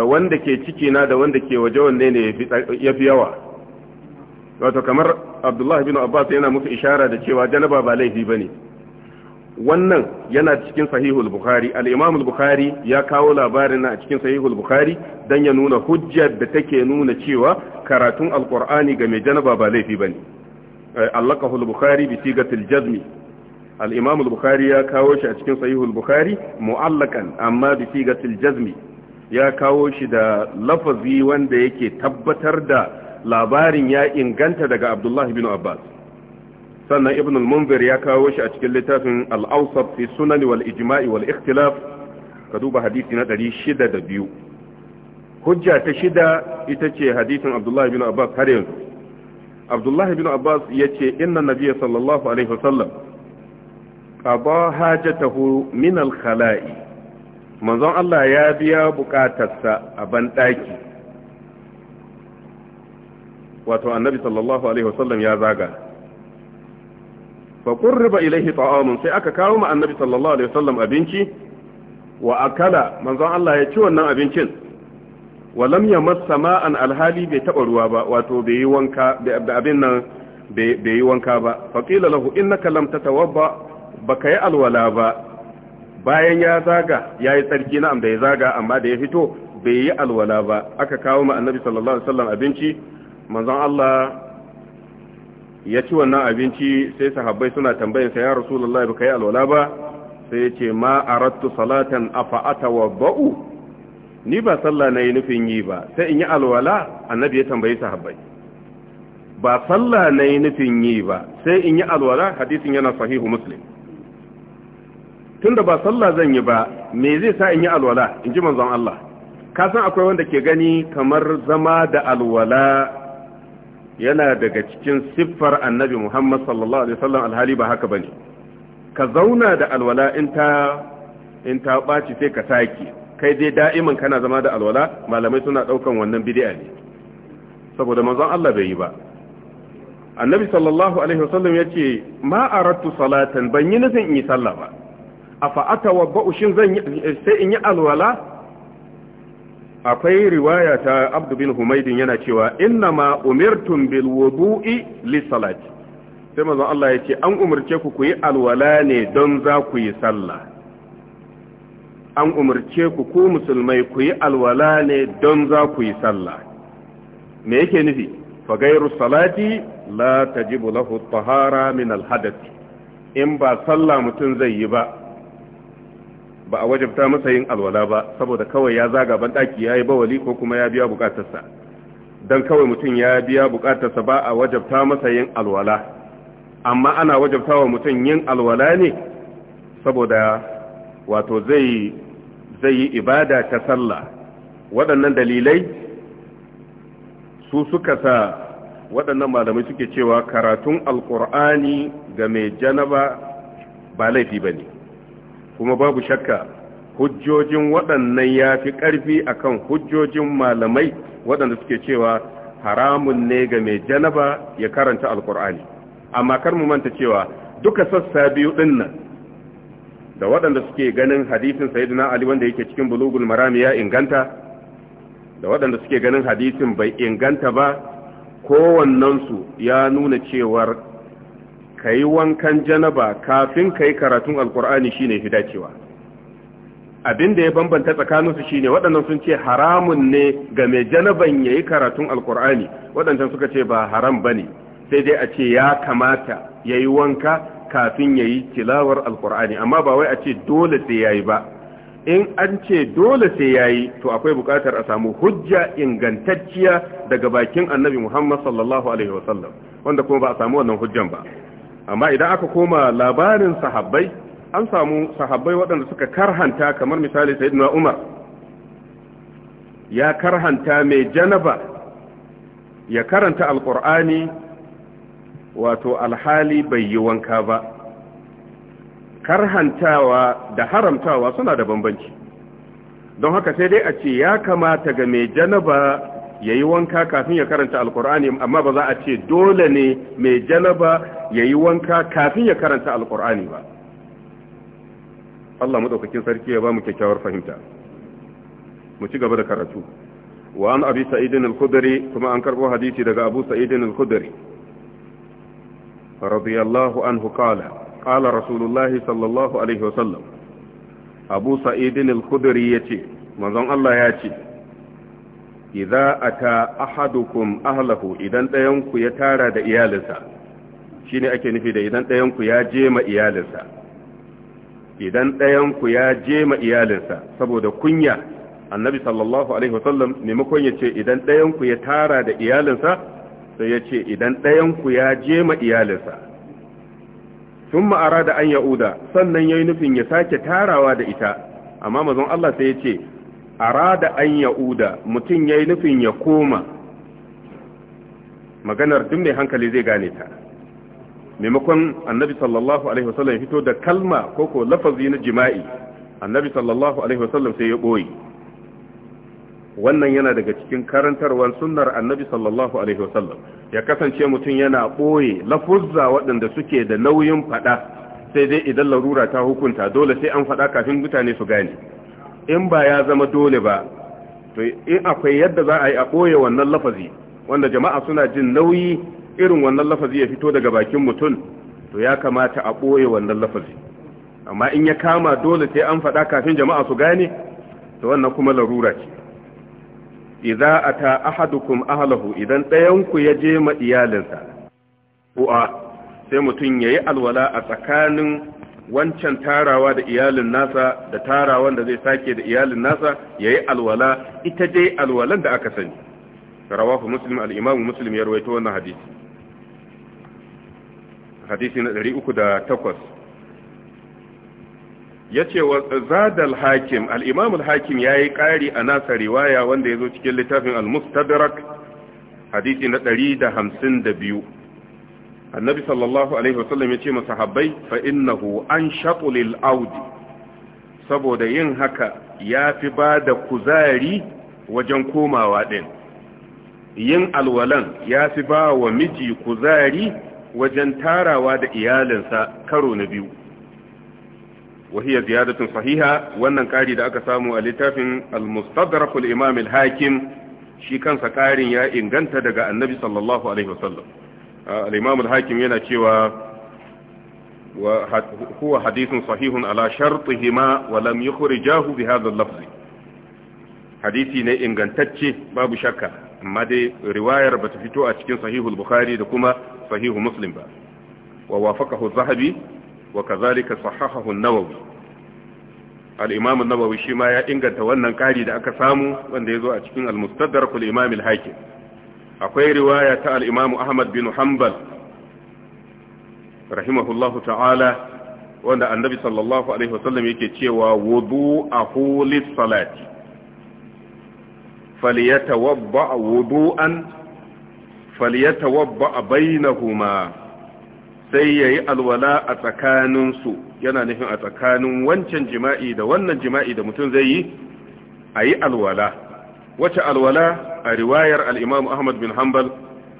da wanda ke cikina da wanda ke waje wanne ne ya fi yawa wato kamar abdullahi bin abbas yana musu ishara da cewa janaba ba laifi ba ne wannan yana cikin sahihul bukhari al bukhari ya kawo labarin a cikin sahihul bukhari dan ya nuna hujjar da take nuna cewa karatun alƙur'ani ga mai janaba ba laifi ba ne. Eh, al-bukhari bi sigatil jazmi al bukhari ya kawo shi a cikin sahihul bukhari mu'allakan amma bi sigatil jazmi ya kawo shi da lafazi wanda yake tabbatar da labarin ya inganta daga abdullahi bin abbas sannan ibn al-munzir ya kawo shi a cikin littafin al-awsat fi sunan wal ijma'i wal ikhtilaf ka duba hadisi na 602 hujja ta shida ita ce hadisin abdullahi bin abbas har yanzu abdullahi bin abbas ya ce inna nabiyya sallallahu alaihi wasallam qada hajatahu min al-khala'i manzon Allah ya biya bukatarsa a banɗaki wato annabi sallallahu alaihi wasallam ya zaga fa qurriba ilaihi ta'amun sai aka kawo ma annabi sallallahu alaihi wasallam abinci wa akala manzon Allah ya ci wannan abincin wa lam yamassa ma'an alhali bai taba ruwa ba wato bai yi wanka abin nan bai yi wanka ba fa qila lahu innaka lam tatawabba baka yi alwala ba bayan ya zaga ya yi tsarki amma da ya zaga amma da ya fito bai yi alwala ba aka kawo ma annabi sallallahu alaihi wasallam abinci manzon Allah ya ci wannan abinci sai sahabbai suna tambayin sa ya rasulullahi baka yi alwala ba sai ce ma aradtu salatan afa ba'u ni ba sallah yi nufin yi ba sai in yi alwala annabi ya tambayi sahabbai ba sallah yi nufin yi ba sai in yi alwala hadisin yana sahihu muslim tunda ba sallah zan yi ba me zai sa in yi alwala in ji manzon Allah ka san akwai wanda ke gani kamar zama da alwala yana daga cikin siffar annabi Muhammad sallallahu alaihi wasallam alhali ba haka bane ka zauna da alwala in ta in ta baci sai ka saki kai dai da'iman kana zama da alwala malamai suna daukan wannan bid'a ne saboda manzon Allah bai yi ba annabi sallallahu alaihi wasallam yace ma aratu salatan ban yi nufin in yi sallah ba afa atawabba'u shin zan sai in yi alwala akwai riwaya ta abdu bin Humaydin yana cewa ma umirtum bil wudu'i li salati sai manzon Allah ya ce an umarce ku ku yi alwala ne don za ku yi sallah an umarce ku ku musulmai ku yi alwala ne don za ku yi sallah me yake nufi fa gairu salati la tajibu lahu tahara min al in ba sallah mutun zai yi ba ba a wajabta masa yin alwala ba saboda kawai ya zaga ban daki yayi bawali ko kuma ya biya bukatarsa dan kawai mutum ya biya bukatarsa ba a wajabta masa yin alwala amma ana wajabta wa mutum yin alwala ne saboda wato zai zai yi ibada ta sallah waɗannan dalilai su suka sa waɗannan malamai suke cewa karatun alkur'ani ga mai janaba ba laifi ba ne kuma babu shakka hujjojin waɗannan ya fi ƙarfi a kan hujjojin malamai waɗanda suke cewa haramun ne ga mai janaba ya karanta alkur'ani amma kar mu manta cewa duka sassa biyu ɗin nan da waɗanda suke ganin hadisin sayyidina ali wanda yake cikin bulugul marami ya inganta da waɗanda suke ganin hadisin bai inganta ba kowannensu ya nuna cewar ka wankan janaba kafin ka yi karatun alkur'ani shine ne fi dacewa abin da ya bambanta tsakaninsu shi ne waɗannan sun ce haramun ne ga mai janaban ya yi karatun alkur'ani waɗancan suka ce ba haram ba ne sai dai a ce ya kamata ya yi wanka kafin ya yi tilawar alkur'ani amma ba wai a ce dole sai ya yi ba in an ce dole sai ya yi to akwai buƙatar a samu hujja ingantacciya daga bakin annabi muhammad sallallahu alaihi wasallam wanda kuma ba a samu wannan hujjan ba amma idan aka koma labarin sahabbai an samu sahabbai waɗanda suka karhanta kamar misali sayyidina Umar ya karhanta mai janaba ya karanta Alƙur'ani wato alhali bai yi wanka ba karhantawa da haramtawa suna da bambanci don haka sai dai a ce ya kamata ga mai janaba ya yi wanka kafin ya karanta alkur'ani amma ba za a ce dole ne mai janaba ya yi wanka kafin ya karanta alkur'ani ba Allah maɗaukakin sarki ya ba mu kyakkyawar fahimta mu ci gaba da karatu wa an abi sa'idin al-khudri kuma an karbo hadisi daga abu sa'idin al-khudri radiyallahu anhu qala qala rasulullahi sallallahu alaihi wasallam abu sa'idin al-khudri yace manzon Allah ya ce idza ata ahadukum ahlahu idan dayan ku ya tara da iyalinsa shine ake nufi da idan dayan ku ya jema iyalinsa idan dayan ku ya jema iyalinsa saboda kunya annabi sallallahu alaihi wasallam ne ya ce idan dayan ku ya tara da iyalinsa sai yace ce idan ku ya jema iyalinsa Tun ma'ara da an ya'uda sannan yayi nufin ya sake tarawa da ita amma mazan Allah sai yace ce arada an ya'uda mutum ya yi nufin ya koma maganar duk mai hankali zai gane ta maimakon annabi sallallahu alaihi wasallam ya fito da kalma ko ko lafazi na jima'i annabi sallallahu alaihi wasallam sai ya boye wannan yana daga cikin karantarwar sunnar annabi sallallahu alaihi wasallam ya kasance mutum yana boye lafuzza waɗanda suke da nauyin faɗa sai dai idan larura ta hukunta dole sai an faɗa kafin mutane su gane in ba ya zama dole ba to in akwai yadda za a yi a ɓoye wannan lafazi wanda jama'a suna jin nauyi irin wannan lafazi ya fito daga bakin mutum to ya kamata a ɓoye wannan lafazi amma in ya kama dole sai an faɗa kafin jama'a su gane to wannan kuma larura ce idza ata ahadukum ahlahu idan ɗayanku ya je ma iyalinsa u'a sai mutum yayi alwala a tsakanin wancan tarawa da iyalin nasa da tarawan da zai sake da iyalin nasa yayi alwala ita dai alwalan da aka sani rawahu muslim al-imam muslim ya rawaito wannan hadisi hadisi na 308 yace wa zadal hakim al-imam al-hakim yayi ƙari a nasa riwaya wanda yazo cikin littafin al-mustadrak hadisi na 152 annabi sallallahu alaihi wasallam ya ce masahabbai fa innahu an shaƙulil audi saboda yin haka ya fi ba da kuzari wajen komawa din yin alwalan ya fi ba wa miji kuzari wajen tarawa da iyalinsa karo na biyu وهي زيادة صحيحة wannan ƙari da aka samu a littafin al-mustadrak al-imam al-hakim shi kansa ƙarin ya inganta daga annabi sallallahu alaihi al-imam hakim yana cewa wa huwa sahihun ala shartihima hima lam yukhrijahu bi hadha al ne ingantacce babu shakka amma dai riwayar bata fito a cikin sahihul bukhari da kuma sahihu muslim ba wa wafaqahu az-zahabi wa kadhalika sahahahu an-nawawi al-imam an shi ma ya inganta wannan kari da aka samu wanda zo a cikin al-mustadrak al-imam hakim akwai riwaya ta al Ahmad bin Hanbal rahimahullahu ta'ala wanda annabi sallallahu alaihi wasallam yake cewa a lis-salati falyatawadda wabba a bainahuma sai yayi alwala a tsakanin su yana nufin a tsakanin wancan jima'i da wannan jima'i da mutum zai yi ayi alwala wace alwala a riwayar al'imam imam Ahmad bin Hanbal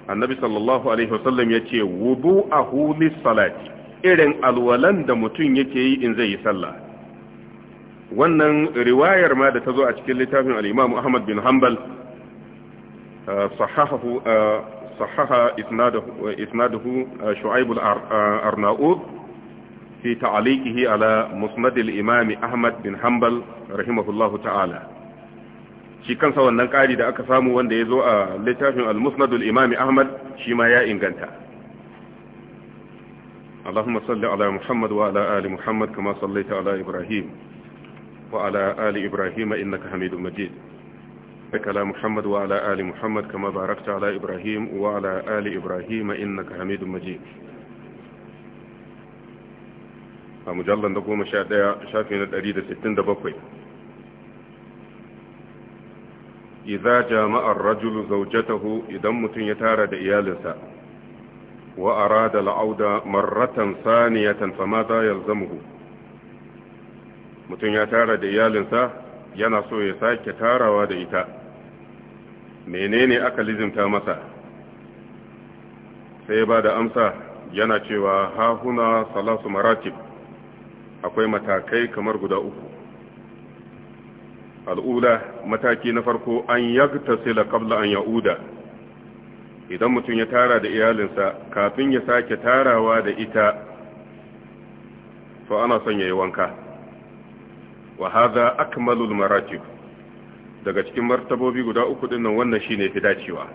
annabi sallallahu alaihi wasallam yace a lis-salati irin alwalan da mutum yake yi in zai yi sallah wannan riwayar ma da ta zo a cikin littafin al'imam imam Ahmad bin Hanbal uh, uh, sahaha uh, isnaduhu shu'aibul arnaud في تعليقه ala musnadil imami أحمد bin حنبل رحمه ta'ala. shi kansa wannan ƙari da aka samu wanda ya zo a littafin al-musnadul imami ahmad shi ma ya inganta allahumma salli ala wa ala ali muhammad kama sallaita ala ibrahim wa ala ali ibrahim innaka hamidul majid baka ala muhammad wa ala ali muhammad kama barakta ala ibrahim wa ala ali ibrahim innaka hamidul majid a mujallar da goma sha ɗaya shafi na ɗari da sittin da bakwai idza jama'a ar-rajulu zawjatahu idan mutun ya tara da iyalinsa wa arada al-auda marratan saniyatan fama za yalzamuhu mutun ya tara da iyalinsa yana so ya sake tarawa da ita menene aka lizimta masa sai ba da amsa yana cewa "Ha-hu hahuna salasu maratib akwai matakai kamar guda uku al'ula mataki na farko an yagtasila kabla an ya'uda idan mutum ya tara da iyalinsa kafin ya sake tarawa da ita to ana son yayi wanka wa hadha akmalul maratib daga cikin martabobi guda uku din nan wannan shine fi dacewa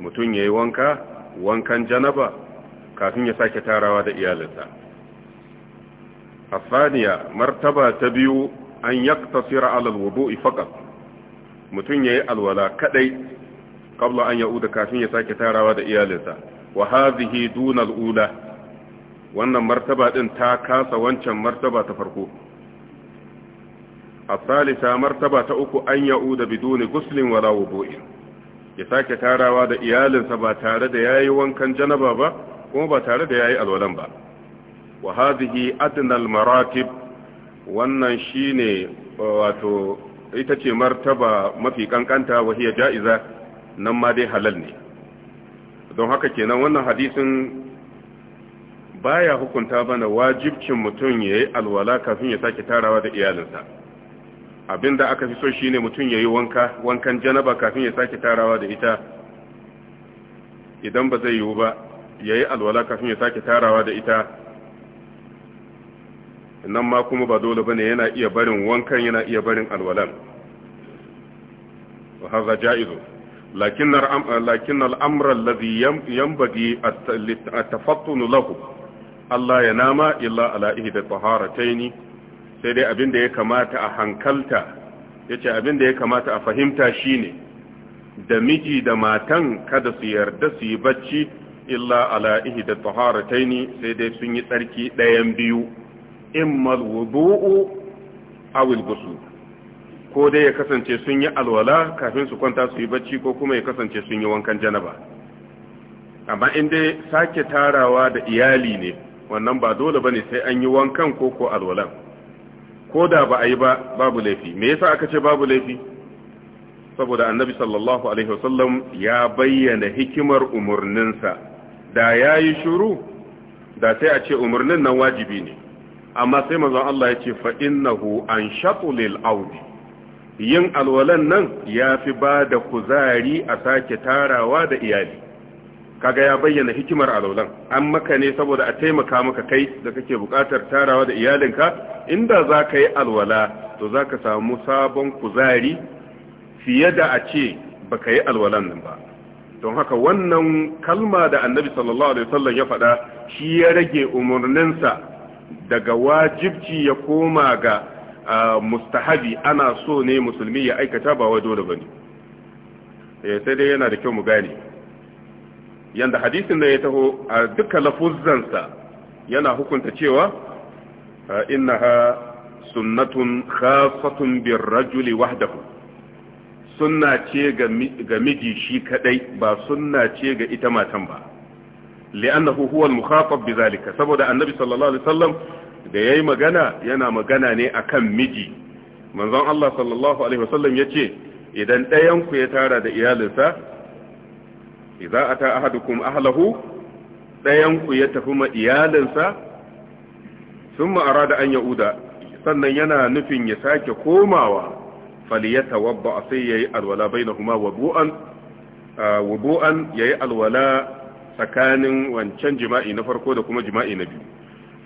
mutum yayi wanka wankan janaba kafin ya sake tarawa da iyalinsa martaba ta biyu. an yaktasira ala alwudu'i faqat mutun yayi alwala kadai qabla an ya'uda kafin ya sake tarawa da iyalinsa wa hadhihi duna alula wannan martaba din ta kasa wancan martaba ta farko الثالثة مرتبة أكو أن يعود بدون غسل ولا وضوء يساك تاراوا دا إيال سبا تارد ba وانكن ba tare وما تارد ياي الولن با وهذه أدنى المراتب wannan shi ne uh, wato ita ce martaba mafi kankanta wahiya ja'iza nan ma dai halal ne don haka kenan wannan hadisin baya hukunta bana wajibcin mutum ya yi alwala kafin ya sake tarawa da iyalinsa abinda aka fi so shi ne mutum ya yi wankan janaba kafin ya sake tarawa da ita idan ba zai yiwu ba ya yi alwala kafin ya sake tarawa da ita nan ma kuma ba dole bane yana iya barin wankan yana iya barin alwalan wa hadha jaiz lakin lakin al alladhi yanbaghi at-tafattun lahu Allah ya nama illa ala ihda taharataini sai dai abinda ya kamata a hankalta yace abinda ya kamata a fahimta shine da miji da matan kada su yarda su yi bacci illa ala ihda taharataini sai dai sun yi tsarki ɗayan biyu imma alwudu'u aw alghusl ko dai ya kasance sun yi alwala kafin su kwanta su yi bacci ko kuma ya kasance sun yi wankan janaba amma in dai sake tarawa da iyali ne wannan ba dole bane sai an yi wankan ko ko alwalan ko da ba a yi ba babu laifi me yasa aka ce babu laifi saboda annabi sallallahu alaihi wasallam ya bayyana hikimar umarninsa da ya yi shuru da sai a ce umarnin nan wajibi ne amma sai manzon Allah ya ce fa innahu an shatulil audi yin alwalan nan ya fi ba da kuzari a sake tarawa da iyali kaga ya bayyana hikimar alwalan an maka ne saboda a taimaka maka kai da kake bukatar tarawa da iyalinka inda za ka yi alwala to za ka samu sabon kuzari fiye da a ce ba ka yi alwalan nan ba don haka wannan kalma da annabi sallallahu alaihi wasallam ya faɗa shi ya rage umarninsa daga wajibci ya koma ga mustahabi ana so ne musulmi ya aikata ba wa dole bane eh, sai dai yana da kyau mu gane yanda hadisin da ya taho a duka lafuzzansa yana hukunta cewa innaha sunnatun khasatun birrajuli wahdahu sunna ce ga miji shi kadai ba sunna ce ga ita matan ba li'annahu huwa al-mukhatab bidhalika saboda annabi sallallahu alaihi wasallam da yayi magana yana magana ne akan miji manzon Allah sallallahu alaihi wasallam yace idan ɗayan ku ya tara da iyalinsa idza ata ahadukum ahlahu ɗayan ku ya tafi ma iyalinsa thumma arada an yauda sannan yana nufin ya sake komawa falyatawabba sai yayi alwala bainahuma wudu'an wudu'an yayi alwala tsakanin wancan jima'i na farko da kuma jima'i na biyu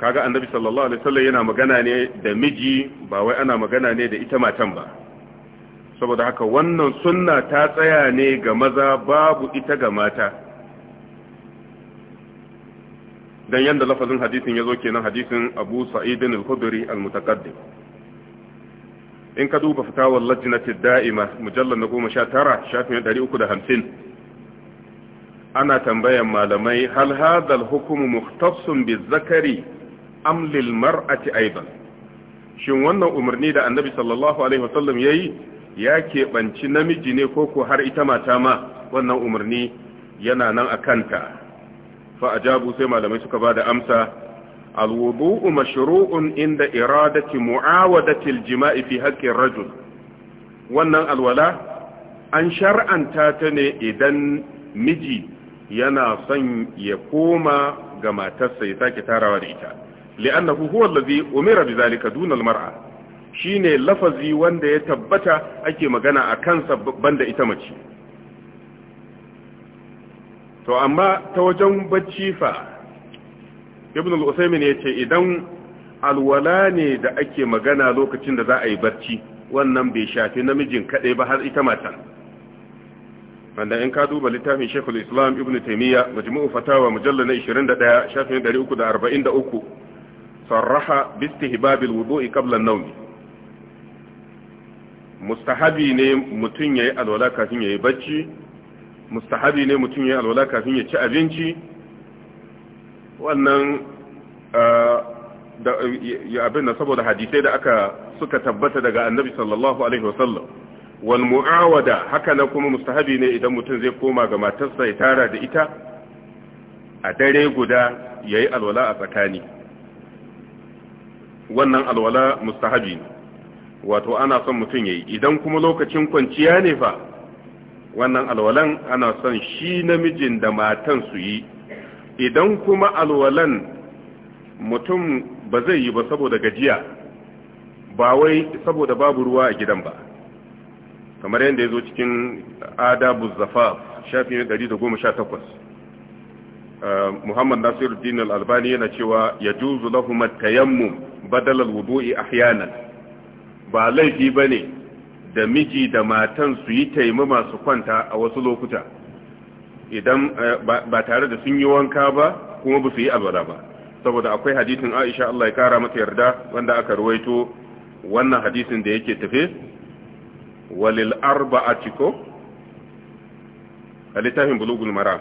kaga annabi sallallahu alaihi wasallam yana magana ne da miji ba wai ana magana ne da ita matan ba saboda haka wannan sunna ta tsaya ne ga maza babu ita ga mata dan yanda lafazin hadisin yazo kenan hadisin Abu Sa'id al-Khudri al-Mutaqaddim in ka duba fatawar lajnatid da'ima mujallal na 19 shafin 350 ana tambayan malamai hal hadal hukumu muhtassun bizakari am lil mar'ati aidan shin wannan umarni da annabi sallallahu alaihi wasallam yayi ya ɓanci namiji ne ko ko har ita mata ma wannan umarni yana nan a kanta fa ajabu sai malamai suka bada amsa alwudu'u mashru'un inda iradati mu'awadati jima'i fi haqqi rajul wannan alwala an shar'anta ta ne idan miji yana son ya koma ga matarsa ya sake tarawa da ita li'annahu huwa allazi umira bi zalika duna shine lafazi wanda ya tabbata ake magana a kansa banda ita mace to amma ta wajen bacci fa ibn al-usaymin yace idan alwala ne da ake magana lokacin da za a yi barci wannan bai shafi namijin kadai ba har ita matan wanda in ka duba littafin shekul islam ibn taimiyya majmu'u fatawa mujallar na 21 shafin 343 sarraha bistihbabil wudu'i qabla an-nawm mustahabi ne mutun yayi alwala kafin yayi bacci mustahabi ne mutun yayi alwala kafin ya ci abinci wannan ah, da abin da saboda hadisai da aka suka tabbata daga annabi sallallahu alaihi wasallam wal mu'awada haka na kuma mustahabi ne idan mutum zai koma ga matarsa ya tara da ita a dare guda yayi alwala a tsakani wannan alwala mustahabi wato ana son mutum yayi idan kuma lokacin kwanciya ne fa wannan alwalan ana son shi namijin da matan su yi idan kuma alwalan mutum ba zai yi ba saboda gajiya ba wai saboda babu ruwa a gidan ba kamar yadda ya zo cikin adabu zafaf shafi na 118 eh, muhammad nasiru al-albani yana cewa ya juzu lahum tayammu badalar wudu wudui ahyanan ba laifi bane da miji da matan su yi taimama su kwanta a wasu lokuta idan eh, ba tare da sun yi wanka ba kuma ba su yi abada ba saboda akwai hadisin Aisha Allah ya kara mata yarda wanda aka ruwaito wannan hadisin da yake tafe walil arba'ati ko a littafin bulugul mara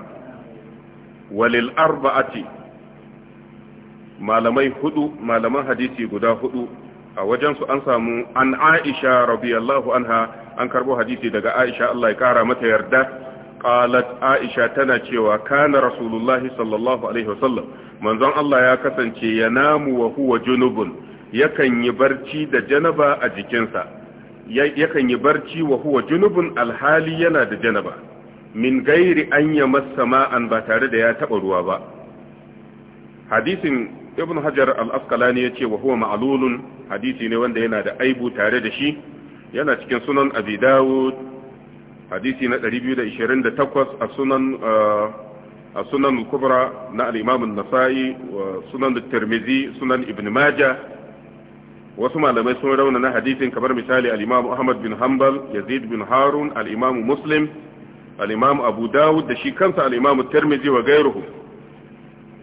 walil arba'ati malamai hudu malaman hadisi guda hudu a wajensu an samu an aisha rabiyallahu anha an karbo hadisi daga aisha Allah ya kara mata yarda qalat aisha tana cewa kana rasulullahi sallallahu alaihi wasallam manzon Allah ya kasance ya namu wa huwa junubun yakan yi barci da janaba a jikinsa yakan yi barci wa huwa junubun alhali yana da janaba min gairi an ya ba tare da ya taɓa ruwa ba hadisin ibn hajar al askalani ya wa huwa ma'lulun hadisi ne wanda yana da aibu tare da shi yana cikin sunan abi dawud hadisi na 228 a sunan uh, a sunan kubra na al nasai sunan at sunan ibn majah wasu malamai sun rauna na hadisin kamar misali al-imam Ahmad bin Hanbal Yazid bin Harun al-imam Muslim al-imam Abu Dawud da shi kansa al-imam Tirmidhi wa gairuhu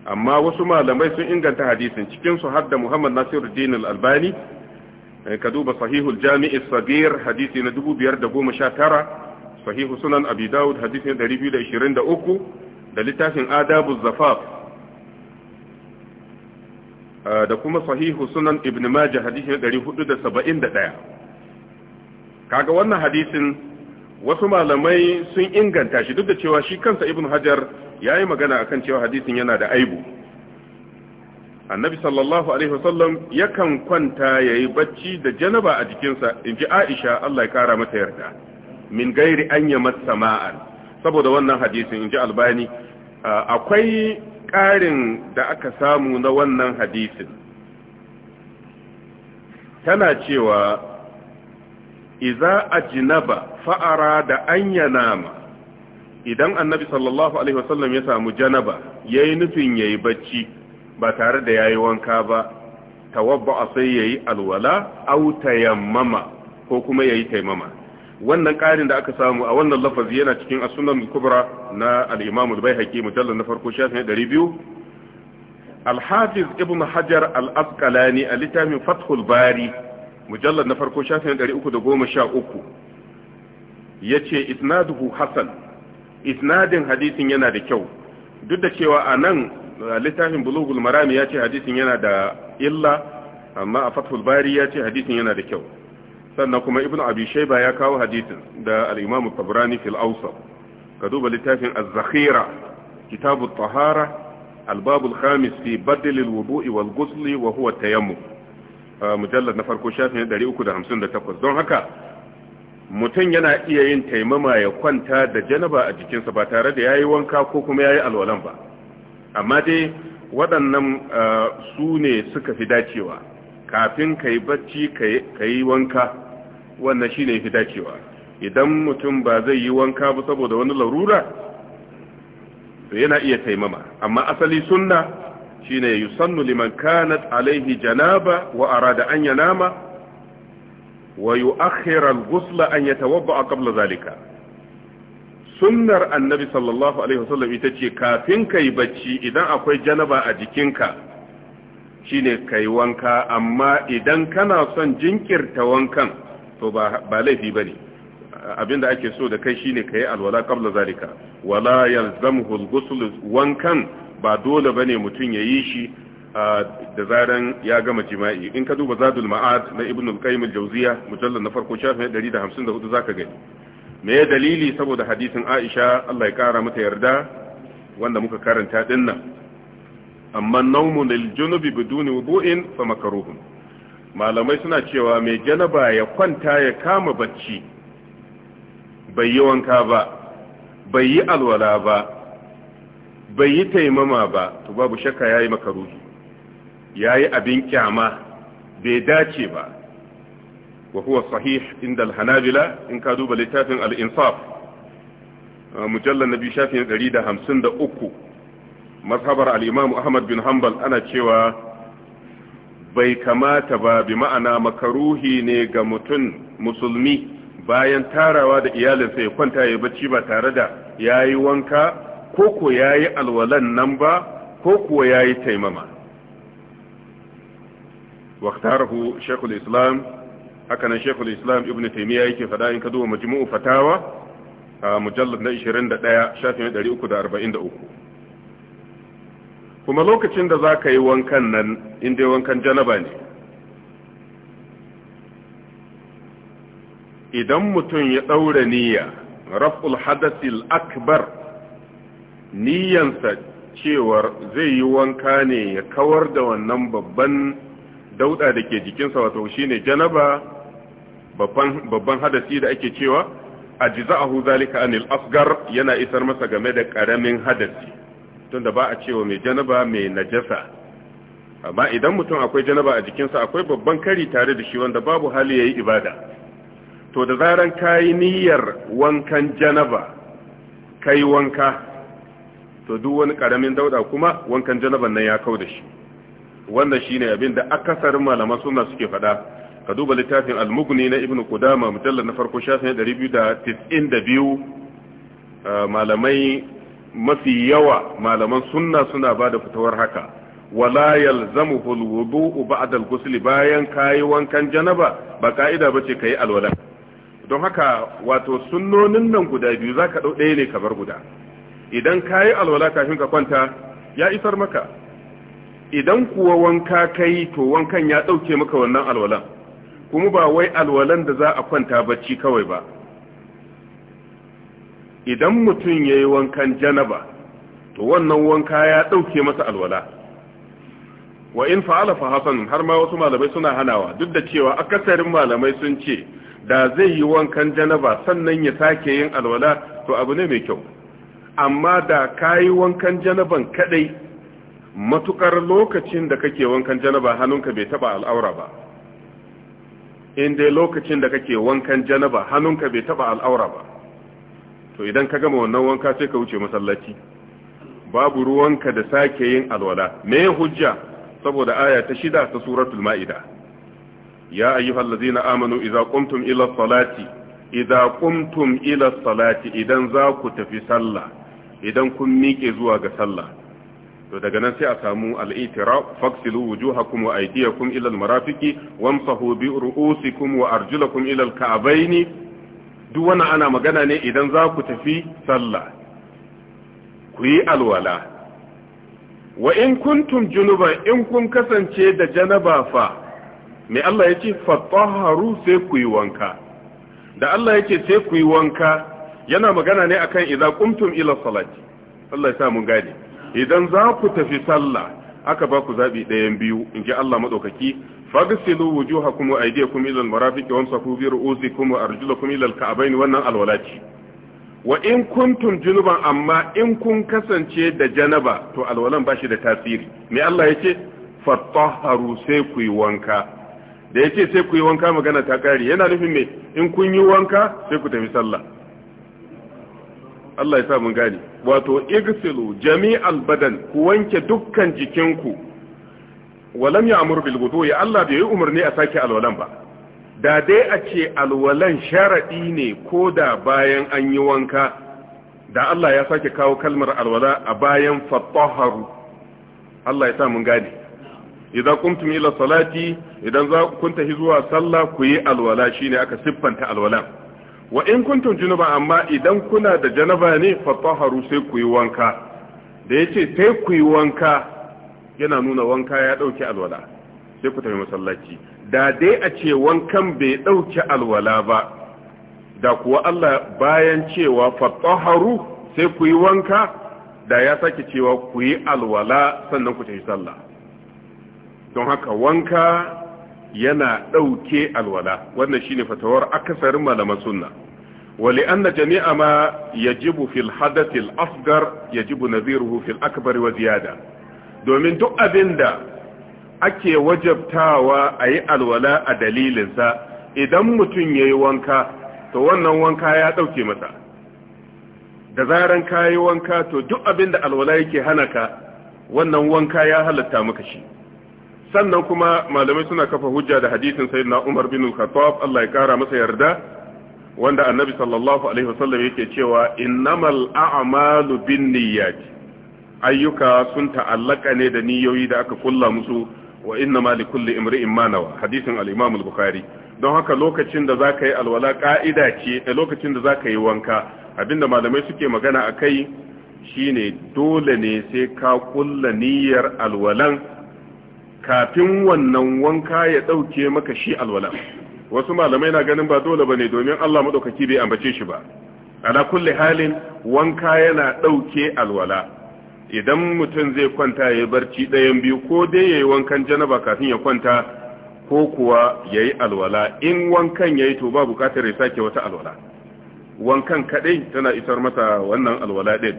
amma wasu malamai sun inganta hadisin cikin su hadda Muhammad Nasiruddin al-Albani eh, ka duba sahihul jami'i sabir hadisi na tara sahihu sunan abi dawud hadisi na 223 da littafin adabu zafaf da kuma sahihu sunan ibn majah hadisi 471 kaga wannan hadisin wasu malamai sun inganta shi duk da cewa shi kansa ibn hajar yayi magana akan cewa hadisin yana da aibu annabi sallallahu alaihi wasallam yakan kwanta yayi bacci da janaba a jikinsa inji aisha Allah ya kara mata yarda min gairi an sama'an saboda wannan hadisin inji albani akwai ƙarin da aka samu na wannan hadisin tana cewa iza ajnaba fa'ara da an yanama idan annabi sallallahu alaihi wasallam ya samu janaba yayi nufin yayi bacci ba tare da yayi wanka ba tawabba sai yayi alwala aw tayammama ko kuma yayi taimama wannan ƙarin da aka samu a wannan lafazi yana cikin asunan kubra na al'imamu da bai haƙi mujallar na farko shafin ɗari biyu alhafiz ibn hajar al'askalani a littafin fathul bari mujallar na farko shafin ɗari uku da goma sha uku ya ce isnaduhu hassan isnadin hadisin yana da kyau duk da cewa a nan littafin bulugul marami ya ce hadisin yana da illa amma a fathul bari ya ce hadisin yana da kyau sannan kuma ibnu abi shayba ya kawo hadisin da al-imam tabrani fil awsat ka duba littafin az-zakhira kitab at-tahara al-bab al-khamis fi badl al-wudu'i wal-ghusl wa huwa tayammum ah, mujallad na farko shafin 358 don haka mutum yana iya yin taimama ya kwanta da janaba a jikinsa ba tare da yayi wanka ko kuma yayi alwalan ba amma dai waɗannan ah, su ne suka fi dacewa kafin ka yi bacci ka yi wanka wannan shine fi dacewa idan mutum ba zai yi wanka ba saboda wani larura to yana iya taimama amma asali sunna shine yusannu liman kanat alaihi janaba wa arada an yanama wa yu'akhkhira al-ghusla an yatawadda qabla zalika sunnar annabi sallallahu alaihi wasallam ita ce kafin kai bacci idan akwai janaba a jikinka shine kai wanka amma idan kana son jinkirta wankan to ba laifi bane abinda ake so da kai shine yi alwala kabla zalika wala yalzamuhu gusulus wankan ba dole bane ya yayi shi da zaran ya gama jima'i in ka duba zadul ma'ad na ibn al-qayyim jawziya mujallal na farko shafin 154 zaka gani me dalili saboda hadisin Aisha Allah ya kara mata yarda wanda muka karanta dinnan amma nawmun lil junubi biduni wudu'in fa makruhun malamai suna cewa mai janaba ya kwanta ya kama bacci bai yi wanka ba bai yi alwala ba bai yi taimama ba to babu shakka yayi makaruhi yi abin kyama bai dace ba wa huwa sahih inda al in ka duba littafin al-insaf mujallal nabi shafi 153 mazhabar al-imam ahmad bin hanbal ana cewa bai kamata ba bi ma'ana makaruhi ne ga mutum musulmi bayan tarawa da iyalinsa ya kwanta ya bacci ba tare da ya yi wanka ko ko ya yi alwalan nan ba ko kuwa ya yi taimama waktarahu shekul islam haka nan shekul islam ibn taimiyya yake fada in ka duba majmu'u fatawa a mujallar na 21 shafin 343 kuma lokacin da za ka yi wankan nan inda wankan janaba ne idan mutum ya ɗaura niyya raf'ul hadasil akbar niyyansa cewar zai yi wanka ne ya kawar da wannan babban dauda da ke jikinsa wato shine janaba babban hadasi da ake cewa a a huzalika anil asgar yana isar masa game da ƙaramin hadasi tunda ba a cewa mai janaba mai najasa amma idan mutum akwai janaba a jikinsa akwai babban kari tare da shi wanda babu hali ya yi ibada to da zaran yi niyyar wankan janaba kai wanka to duk wani karamin dauda kuma wankan janaban nan ya kau da shi wannan shine abin da akasarin malaman suna suke faɗa ka duba littafin almugni na ibnu kudama mujallar na farko shafin 292 eh, malamai mafi yawa malaman sunna suna ba da fitowar haka wala yalzamu wudu'u ba'da al-ghusl bayan kayi wankan janaba ba ka'ida bace kayi alwala don haka wato sunnonin nan guda biyu zaka dau ɗaya ne bar guda idan kayi alwala kafin ka kwanta ya isar maka idan kuwa wanka kai to wankan ya dauke maka wannan alwalan kuma ba wai alwalan da za a kwanta bacci kawai ba idan mutum ya yi wankan janaba to wannan wanka ya ɗauke masa alwala wa in fa'ala fa hasan har ma wasu malamai suna hanawa duk da cewa akasarin malamai sun ce da zai yi wankan janaba sannan ya sake yin alwala to abu ne mai kyau amma da kayi wankan janaban kadai matukar lokacin da kake wankan janaba hannunka bai taba al'aura ba in dai lokacin da kake wankan janaba hannunka bai taba al'aura ba to idan ka gama wannan wanka sai ka wuce masallaci babu ruwanka da sake yin alwala me hujja saboda aya ta shida ta suratul ma'ida ya yi amanu idza qumtum ila salati idza qumtum ila salati idan za ku tafi sallah idan kun miƙe zuwa ga sallah to daga nan sai a samu al'itira faksilu wujuhakum wa aydiyakum ila almarafiqi wamsahu bi ru'usikum wa arjulakum ila alka'baini duk wannan ana magana ne idan za ku tafi sallah ku yi alwala wa in kuntum junuba in kun kasance da janaba fa me Allah yake fatahharu sai ku yi wanka da Allah yake sai ku yi wanka yana magana ne akan idan kuntum ila salati Allah ya sa mun gane idan za ku tafi sallah aka ba ku zabi ɗayan biyu in ji Allah maɗaukaki fagasilu wujuhakum wa aydiyakum ila wa wamsahu bi ru'usikum wa arjulakum ila nan wannan walati wa in kuntum junuban amma in kun kasance da janaba to alwalan bashi da tasiri me Allah yace fatahharu sai ku yi wanka da yace sai ku yi wanka magana ta kare yana nufin me in kun yi wanka sai ku tafi sallah Allah ya sa mun gane wato igsilu jami'al badan ku wanke dukkan jikinku walam ya amur bil wudu ya Allah bai yi umarni a sake alwalan ba da dai a ce alwalan sharadi ne ko da bayan an yi wanka da Allah ya sake kawo kalmar alwala a bayan fatahharu Allah ya sa mun gane idan kuntum ila salati idan za ku zuwa sallah ku yi alwala shine aka siffanta alwalan wa in kuntum junuba amma idan kuna da janaba ne fatahharu sai ku yi wanka da yace sai ku yi wanka yana nuna wanka ya dauke alwala sai ku tafi masallaci da dai a ce wankan bai ɗauke alwala ba da kuwa Allah bayan cewa fatahharu sai ku yi wanka da ya sake cewa ku yi alwala sannan ku tafi sallah don haka wanka yana dauke alwala wannan shine fatawar akasarin malaman sunna ولأن جميع ما يجب في الحدث yajibu يجب fil akbar wa ziyada domin duk abin da ake wajabtawa a yi alwala a dalilinsa idan mutum ya yi wanka to wannan wanka ya ɗauke masa da zaran ka yi wanka to duk abin da alwala yake hana ka wannan wanka ya halatta maka shi sannan kuma malamai suna kafa hujja da hadisin sai na Umar bin Khattab Allah ya kara masa yarda wanda annabi sallallahu alaihi wasallam yake cewa innamal a'malu binniyati ayyuka sun ta'allaka ne da niyoyi da aka kulla musu wa inna ma likulli imri'in ma nawa hadisin al-Imam al-Bukhari don haka lokacin da zaka yi alwala ka'ida ce a eh, lokacin da zaka yi wanka abinda malamai suke magana akai shine dole ne sai ka kulla niyyar alwalan kafin wannan wanka ya dauke maka shi alwala wasu malamai na ganin ba dole bane domin Allah madaukaki bai ambace shi ba ala kulli halin wanka yana dauke alwala idan mutum zai kwanta ya barci ɗayan biyu ko dai ya yi wankan janaba kafin ya kwanta ko kuwa ya yi alwala in wankan ya yi to ba bukatar ya sake wata alwala wankan kaɗai tana isar masa wannan alwala ɗin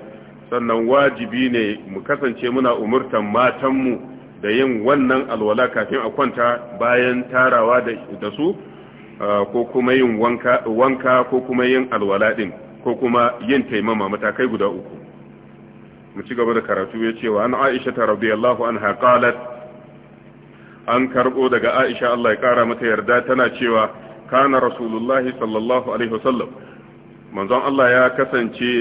sannan wajibi ne mu kasance muna umurtan matanmu da yin wannan alwala kafin a kwanta bayan tarawa da su ko kuma yin wanka ko kuma yin alwala ɗin ko kuma yin taimama matakai guda uku mu ci gaba da karatu ya ce wa an aisha ta radiyallahu anha qalat an karbo daga aisha Allah ya kara mata yarda tana cewa kana rasulullahi sallallahu alaihi wasallam manzon Allah ya kasance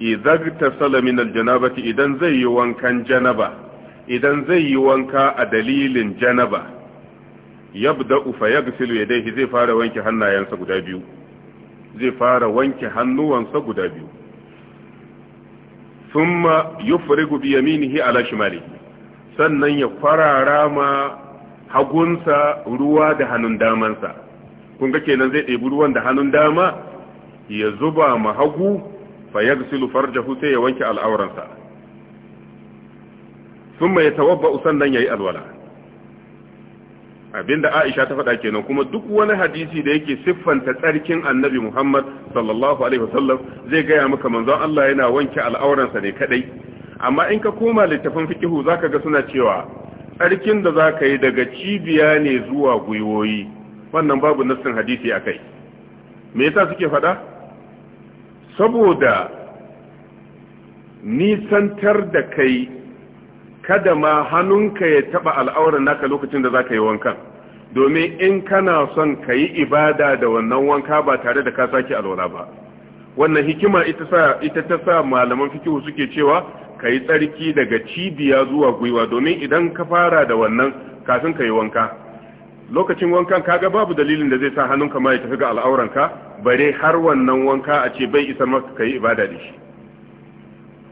idan ta salamin aljanabati idan zai yi wankan janaba idan zai yi wanka a dalilin janaba yabda ufa yaghsilu yadayhi zai fara wanke hannayensa guda biyu zai fara wanke hannuwansa guda biyu thumma yufrigu bi yaminihi ala shimali sannan ya farara ma hagunsa ruwa da hannun damansa kun ga kenan zai ɗebi ruwan da hannun dama ya zuba ma hagu fa yaghsilu farjahu sai ya wanke al'auransa thumma yatawabba sannan yayi alwala abinda Aisha ta faɗa kenan kuma duk wani hadisi da yake siffanta tsarkin Annabi Muhammad sallallahu alaihi wasallam zai gaya maka manzon Allah yana wanke al'auransa ne kadai amma in ka koma littafin fiqhu zaka ga suna cewa tsarkin da zaka yi daga cibiya ne zuwa guyoyi wannan babu nassin hadisi akai me yasa suke faɗa saboda nisantar da kai kada ma hannunka ya taba al'auran naka lokacin da za ka yi wankan domin in kana son ka yi ibada da wannan wanka ba tare da ka sake alwala ba wannan hikima ita sa ita ta sa malaman fikihu suke cewa ka yi tsarki daga cibiya zuwa gwiwa domin idan ka fara da wannan kafin ka yi wanka lokacin wankan kaga babu dalilin da zai sa hannunka ma ya tafi ga al'auranka bare har wannan wanka a ce bai isa maka ka yi ibada da shi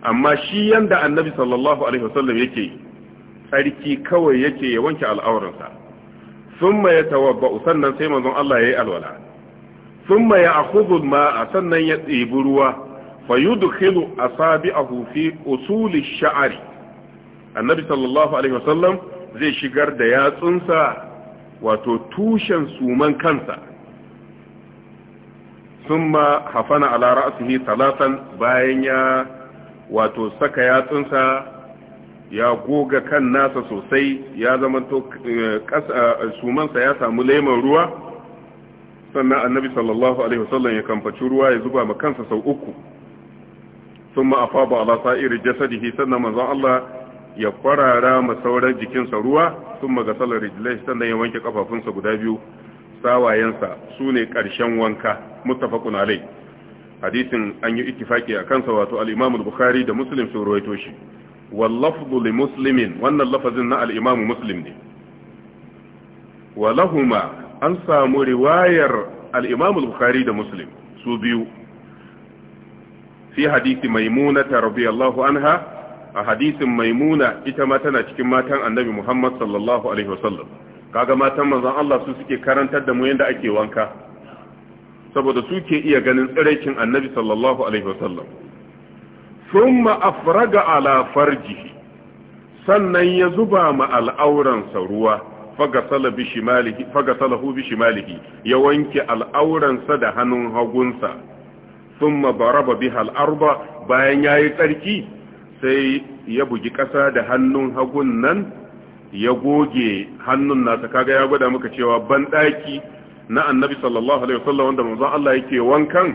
amma shi yanda annabi sallallahu alaihi wasallam yake tsarki kawai yake ya wanke al'aurarsa thumma yatawabba'u sannan sai manzon Allah yayi alwala thumma ya'khudhu al-ma'a sannan ya tsibi ruwa fayudkhilu asabi'ahu fi usuli ash-sha'ri annabi sallallahu alaihi wasallam zai shigar da yatsunsa wato tushen suman kansa thumma hafana ala ra'sihi talatan bayan ya wato saka yatsunsa ya goga kan nasa sosai ya zama eh, suman eh, sumansa ya samu laiman ruwa sannan annabi sallallahu alaihi wasallam ya kamfaci ruwa ya zuba ma kansa sau uku sun afaba ala sa'iri jasadihi sannan manzon Allah ya farara ma sauran jikinsa ruwa sun ga salar rijilai sannan ya wanke kafafunsa guda biyu sawayensa su ne ƙarshen wanka mutafakun alai hadisin an yi ittifaki a kansa wato al-imam al-bukhari da muslim sun ruwaito shi wal lafzu li muslimin wannan lafazin na al-imam muslim ne wa lahuma an samu riwayar al-imam al-bukhari da muslim su biyu fi hadisi maimuna ta radiyallahu anha a hadisin maimuna ita ma tana cikin matan annabi muhammad sallallahu alaihi wasallam kaga matan manzon Allah su suke karantar da mu yanda ake wanka saboda suke iya ganin tsiraicin annabi sallallahu alaihi wasallam thumma afraga ala farjihi sannan ya zuba ma al'auransa ruwa fagasalahu bi shimalihi ya wanke al'auransa da hannun hagunsa thumma baraba biha al'arba bayan yayi tsarki sai ya bugi ƙasa da hannun hagun nan ya goge hannun nasa kaga ya gwada muka cewa banɗaki na annabi sallallahu alaihi wasallam wanda manzon Allah yake wankan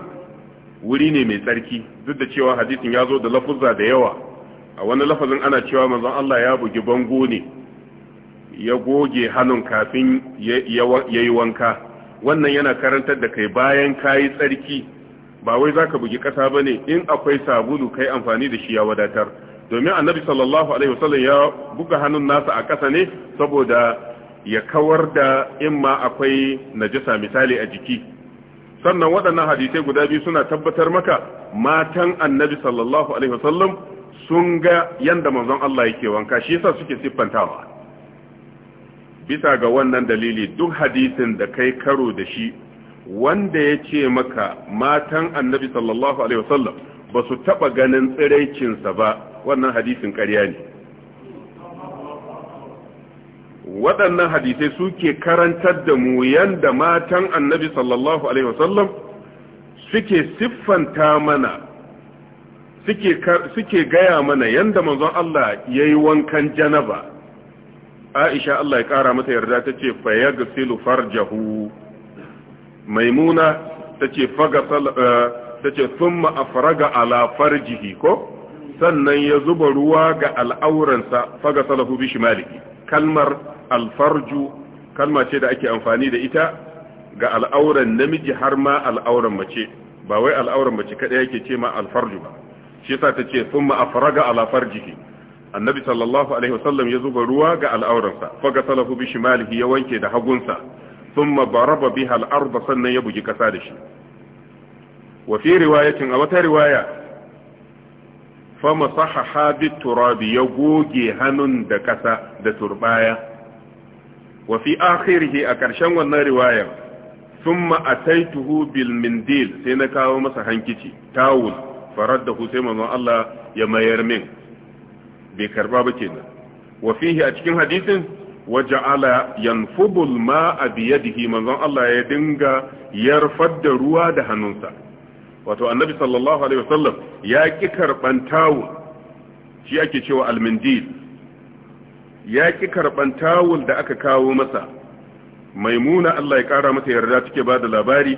wuri ne mai tsarki duk da cewa hadisin ya zo da lafuzza da yawa a wani lafazin ana cewa manzon Allah ya bugi bango ne ya goge hannun kafin ya yi wanka wannan yana karantar da kai bayan ka tsarki ba wai zaka bugi kasa ba ne in akwai sabulu kai amfani da shi ya wadatar domin annabi sallallahu alaihi wasallam ya buga hannun nasa a ƙasa ne saboda ya kawar da in ma akwai najasa misali a jiki sannan waɗannan hadisai guda biyu suna tabbatar maka matan annabi sallallahu alaihi wasallam sun ga yanda manzon Allah yake wanka shi yasa suke siffantawa bisa ga wannan dalili duk hadisin da kai karo da shi wanda ya ce maka matan annabi sallallahu alaihi wasallam ba su taɓa ganin tsiraicinsa ba wannan hadisin ƙarya ne waɗannan hadisai suke karantar da mu yanda matan annabi sallallahu alaihi wasallam suke siffanta mana suke gaya mana yanda manzon Allah ya yi wankan janaba aisha Allah ya kara mata yarda ta ce faya ga silu farjahu maimuna ta ce eh, ta ce sun ma'afaraga ala farjihi ko sannan ya zuba ruwa ga al'auransa faga salahu bishi maliki kalmar alfarju kalma ce da ake amfani da ita ga al'auran namiji har ma al'auran mace ba wai al'auran mace kadai yake ce ma alfarju ba shi yasa ta ce thumma afraga ala farjihi annabi sallallahu alaihi wasallam ya zuba ruwa ga al'auransa faga salafu bi shimalihi ya wanke da hagunsa thumma baraba biha al-ard sannan ya bugi kasa da shi wa fi riwayatin a wata riwaya fama sahaha bi turabi ya goge hannun da kasa da turbaya wa fi akhirihi a ƙarshen wannan riwayar thumma ataituhu bil mindil sai na kawo masa hankici tawul faraddahu sai manzon Allah ya mayar min bai karba ba kenan wa fihi a cikin hadisin waja'ala yanfubu al-ma'a bi yadihi manzon Allah ya dinga yarfar da ruwa da hannunsa wato annabi sallallahu alaihi wasallam ya ki karban tawo shi ake cewa al ya ƙi karban tawul da aka kawo masa maimuna Allah ya kara masa yarda take ba da labari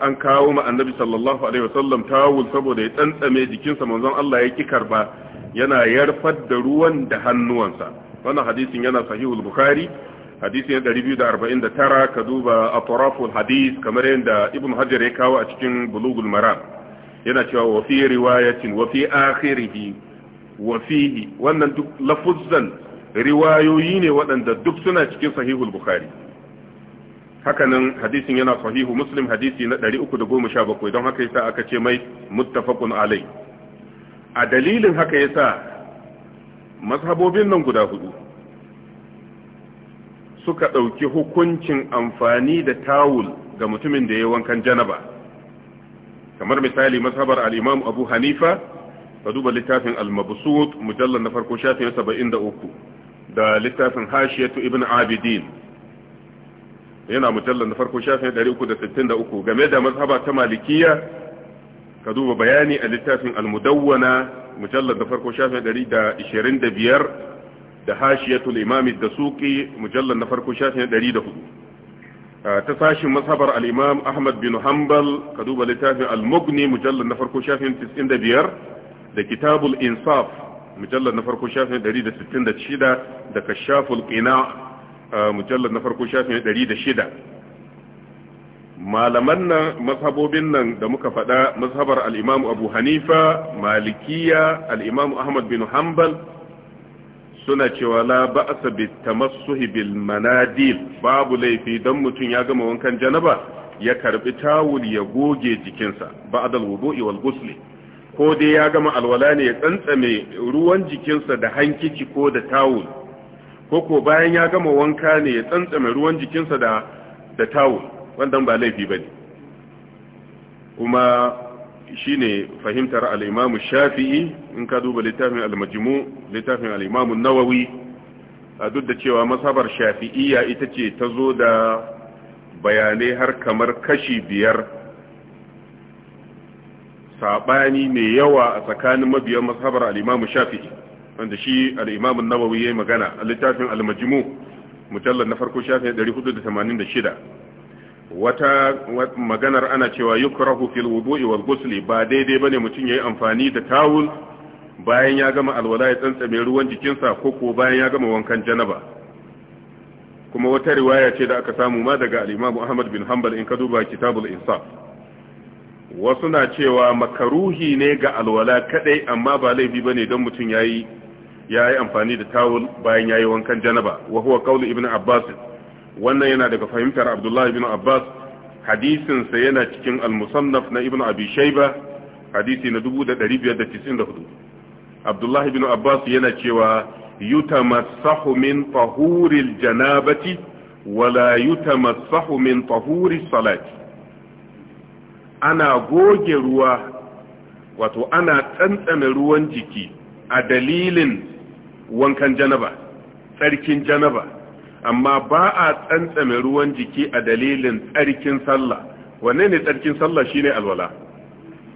an kawo ma annabi sallallahu alaihi wasallam tawul saboda ya tsantsame jikinsa manzon Allah ya ki karba yana yarfar da ruwan da hannuwansa wannan hadisin yana sahihul bukhari hadisin 249 ka duba atraful hadis kamar yadda ibn hajar ya kawo a cikin bulugul maram yana cewa wa fi riwayatin wa fi akhirihi wa fihi wannan duk lafuzzan riwayoyi ne waɗanda duk suna cikin sahihul bukhari hakanan hadisin yana sahihu muslim hadisi na 317 don haka yasa aka ce mai muttafaqun alai a dalilin haka yasa mazhabobin nan guda hudu suka ɗauki hukuncin amfani da tawul ga mutumin da ya wankan janaba kamar misali mazhabar al-imam abu hanifa فدوب لتافي المبسوط مجلد نفر كشافي نسبة إند أوكو دا لتافي هاشية ابن عابدين هنا مجلد نفر كشافي داري أوكو دا ستين دا أوكو جميدة مذهبة تمالكية فدوب بياني لتافي المدونة مجلد نفر كشافي داري دا إشيرين دا بير دا هاشية الإمام الدسوقي مجلد نفر كشافي داري دا خدو تساشي مصبر الإمام أحمد بن حنبل كدوب لتافي المغني مجلد نفر كشافي تسين دا بير da kitabul insaf mujallar na farko shafin 166 da kashaful qina mujallar na farko shafin 106 malaman nan mazhabobin nan da muka faɗa mazhabar al-Imam Abu Hanifa Malikiya al-Imam Ahmad bin Hanbal suna cewa la ba'sa bit tamassuhi bil manadil babu laifi dan mutun ya gama wankan janaba ya karbi tawul ya goge jikinsa ba'da al-wudu'i wal ghusli ko dai ya gama alwala ne ya tsantsame ruwan jikinsa da hankici ko da tawul ko ko bayan ya gama wanka ne ya tsantsame ruwan jikinsa da da tawul wannan ba laifi bane kuma shine fahimtar al-Imam Shafi'i in ka duba littafin al-Majmu littafin al-Imam Nawawi nawawi duk da cewa masabar Shafi'iyya ita ce ta zo da bayanai har kamar kashi biyar sabani mai yawa a tsakanin mabiyan mazhabar al-Imam Shafi'i wanda shi al-Imam an-Nawawi yayi magana a littafin al-Majmu na farko shafi 486 wata maganar ana cewa yukrahu fil wudu'i wal ghusli ba daidai bane mutum yi amfani da tawul bayan ya gama alwala ya tsantsame ruwan jikinsa ko ko bayan ya gama wankan janaba kuma wata riwaya ce da aka samu ma daga al-Imam Ahmad bin Hanbal in ka duba kitabul insaf wasu na cewa makaruhi ne ga alwala kadai amma ba laifi bane don mutum yayi yayi amfani da tawul bayan yayi wankan janaba wa huwa qawlu ibnu abbas wannan yana daga fahimtar abdullahi ibnu abbas hadisin sa yana cikin al-musannaf na ibnu abi shayba hadisi na 1594 abdullahi ibnu abbas yana cewa yutamassahu min tahuril janabati wala yutamassahu min tahuri salati ana goge ruwa wato ana tsantsana ruwan jiki a dalilin wankan janaba tsarkin janaba amma ba a tsantsana ruwan jiki a dalilin tsarkin sallah wanne ne tsarkin sallah shine alwala